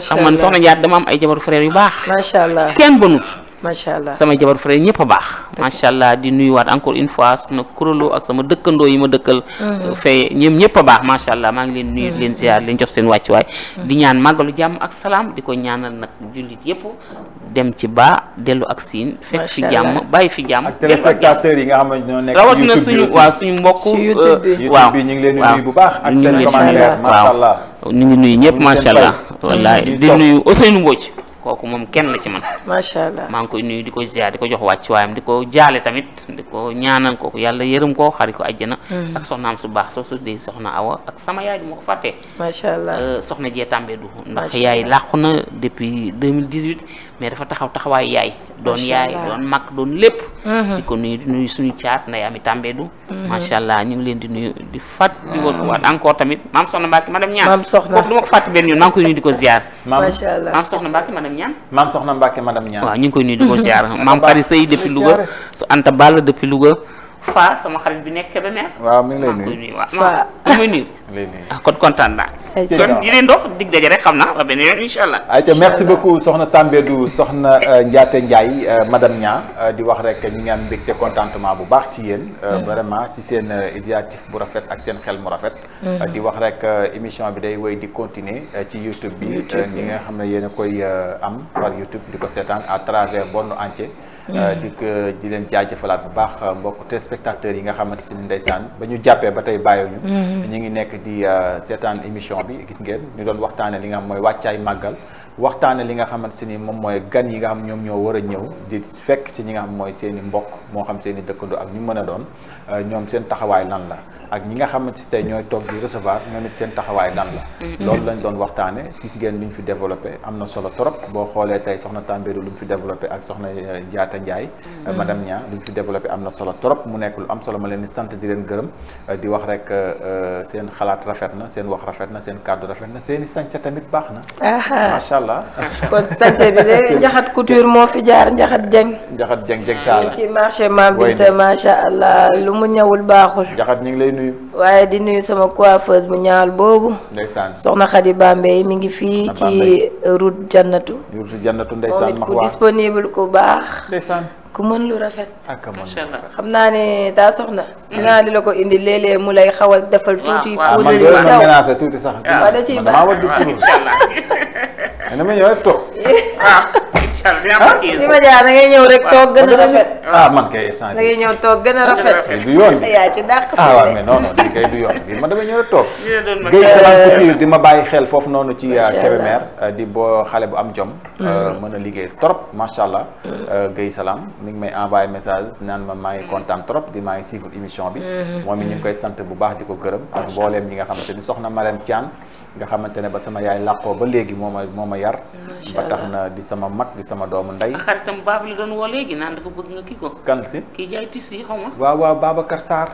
soxna Njaat dama am macha allah sama jabar frère ñëpp a baax macha allah di nuyuwaat encore une fois sama kuréeloo ak sama dëkkandoo yi ma dëkkal mm-hmm. fee ñoom ñëpp a baax macha allah maa ngi leen nuyu leen mm-hmm. ziar leen jox seen wàccuwaay mm-hmm. di ñaan màggalu jàmm ak salaam di ko ñaanal nag jullit yëpp dem ci baa dellu ak siin fekk fi jàmm bàyyi fi jàmm ak téléspectateurs yi nga xam ne ñoo nekk rawatina suñu waaw suñu mbokk euh, waaw ñu ngi leen nuyu bu baax ak seen commentaire macha allah ñu ñëpp macha di nuyu Ousseynou Mbodj kooku moom kenn la ci man macha allah maa ngi koy nuyu di ko ziar di ko jox wàcc waayam di ko jaale tamit di ko ñaanal kooku yàlla yërëm ko xari ko àjjana hmm. ak soxnaam su baax soo su dee soxna awa ak sama yaay du ma ko fàttee euh, soxna jee tàmbee du ndax yaay làqu na depuis 2018 mais dafa taxaw taxawaayu yaay doon yaay doon mag doon lépp mhm. di ko nuyu di nuyu suñu caat nday ami tàmbeedu mhm. macha allah ñu ngi leen di nuyu di fàttali ko waat encore tamit maam soxna Mbacke madame Niang maam soxna kooku ko fàtte benn yoon maa koy nuyu di ko ziar maam soxna Mbacke madame Niang maam su Anta Ball depuis Louga Fa sama xarit bi nekk Kébémer. waaw mi ngi lay nuyu waaw ngi koy nuyu ah, kon kontaan naa. ayca kon di leen dox dig rek xam naa ba benn yoon incha allah. ayca merci beaucoup soxna Tambédou soxna euh, Ndiaté Ndiaye euh, madame Nia euh, di wax rek ñu ngi am mbégte contentement bu baax ci yéen. Mm. vraiment ci seen initiative bu rafet ak seen xel mu rafet. Mm. di wax rek émission bi day wéy di continuer ci YouTube bi. ñi nga xam ne yéen a koy am par YouTube di ko seetaan à travers monde entier. Euh, di ko di leen jaajëfalaat bu baax euh, mbokk te téléspectateurs yi nga xamante si ni ndeysaan ba ñu jàppee ba tey bàyyiwuñu mm-hmm. ñu ngi nekk di euh, seetaan émission bi gis ngeen ñu doon waxtaanee li nga xam mooy wàccaay màggal waxtaane li nga xamante si ni moom mooy gan yi nga xam ñoom ñoo war a ñëw di fekk si ñi nga xam mooy seeni mbokk moo xam seen i dëkkandoo ak ñu mën a doon ñoom seen taxawaay lan la ak ñi nga xamante si tey ñooy toog di recevoir ñoom it seen taxawaay dan la mhm. loolu lañ doon waxtaane gis ngeen li ñu fi développé am na solo trop boo xoolee tey soxna Tambédou lu mu fi développé ak soxna euh, Diatta Ndiaye euh, mhm. madame Nia lu mu fi développé am na solo trop mu nekk lu am solo ma leen di sant di leen gërëm euh, di wax rek seen xalaat rafet na seen wax rafet na seen kàddu rafet na seen i tamit baax na macha allah kon sañse bi de njaxat couture moo fi jaar njaxat jeng njaxat jeng jeng saala ci marché maam binte waaye di nuyu sama coiffeuse bu ñaal boobu. ndeysaan soxna Khady Bambey mi ngi fii ci route jannatu. route jannatu ndeysaan moom it ku disponible ku baax. ndeysaan ku mën lu rafet. macha allah xam naa ne daa soxna. Mm. dinaa di la ko indi léeg-léeg mu lay xawal defal. tuuti poudre ah, yu sew waaw man loolu la sax. mais damay ñëw rek toog. ma jaar da ngay rek toog gën a rafet. ah man kay instant da ngay ñëw toog gën a rafet. du yoon yaa ci dàq. ah waaw mais non du yoon bi man damay ñëw rek toog. géej di ma bàyyi xel foofu noonu ci Kébémer di boo xale bu am jom. Mm. Eh, mën a liggéey trop macha allah. Mm. Eh, Guèye salaam mi ngi may envoyé message naan ma maa ngi mm. kontaan trop di maa ngi suivre émission bi. Mm-hmm. moom ñu ngi koy sant bu baax di ko gërëm. ak mbooleem ñi nga xamante ni soxna Marème Thiam nga xamante ne ba sama yaay làqoo ba léegi moo ma moo ma yar ba tax na di sama mag di sama doomu ndey xaritam baab li naan kan si kii jaay tis yi xaw ma waaw waaw Babacar Sarr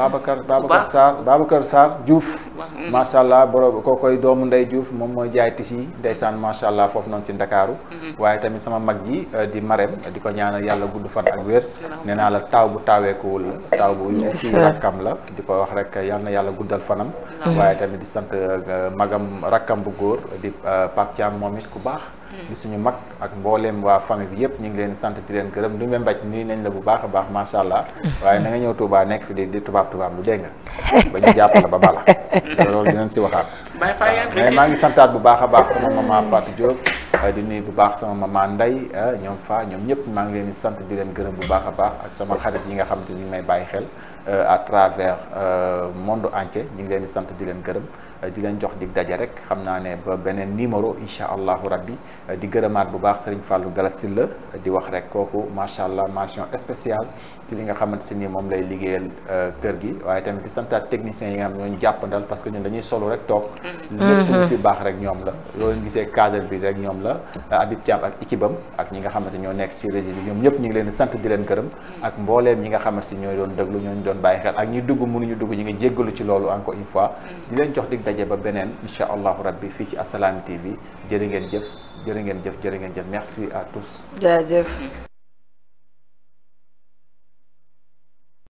Babacar Babacar Sarr Babacar mm. macha allah borom koo koy doomu ndey Diouf moom mooy jaay tis yi ndeysaan macha allah foofu noonu ci Ndakaaru mm-hmm. waaye tamit sama mag ji euh, di Marème di ko ñaanal yàlla gudd fan ak wér nee naa la taaw bu taaweekuwul la taaw bu ci rakkam la di ko wax rek yal na yàlla guddal fanam waaye tamit di sant euh, Euh, magam rakkam bu góor di euh, Pape Thiam moom it ku baax. Hmm. di suñu mag ak mbooleem waa famille bi yëpp ñu ngi leen sant di leen gërëm du mbé mbaj nii nañ la bu baax a baax macha allah. Hmm. waaye na ñëw Touba nekk fi di tubaab tubaab lu dégg nga. ba ñu jàpp la ba bala loolu dinañ si waxaat. mais maa ngi santaat bu baax a baax sama maman Fatou Diop. Euh, di bu baax sama maman Ndeye ñoom fa ñoom ñëpp maa ngi leen di sant di leen gërëm bu baax a baax ak sama xarit yi nga xam te ni may bàyyi xel à travers monde entier ñu ngi leen di sant di leen gërëm di leen jox di daje rek xam naa ne ba beneen numéro incha allahu rabbi di gërëmaat bu baax Serigne Fallou Galas la di wax rek kooku macha allah mention spéciale ci li nga xamante si ni moom lay liggéeyal euh, kër gi waaye tamit di santaat techniciens yi nga xam ne ñooñu jàppandal parce que ñun dañuy solo rek toog. Mm-hmm. lépp lu mm-hmm. fi baax rek ñoom la. loolu ñu gisee cadre bi rek ñoom la Habib Thiam ak équipe am ak ñi nga xamante ñoo nekk si régie bi ñoom ñëpp ñu ngi leen di sant di leen gërëm. Mm-hmm. ak mbooleem ñi nga xamante si ñoo doon déglu doon bàyyi xel ak ñi dugg mënuñu dugg ñu ngi jéggalu ci loolu encore une fois di leen daje ba beneen incha allahu rabbi fii ci Assalaamy TV jërë ngeen jëf jërë ngeen jëf jërë ngeen jëf merci à tous. jaajëf.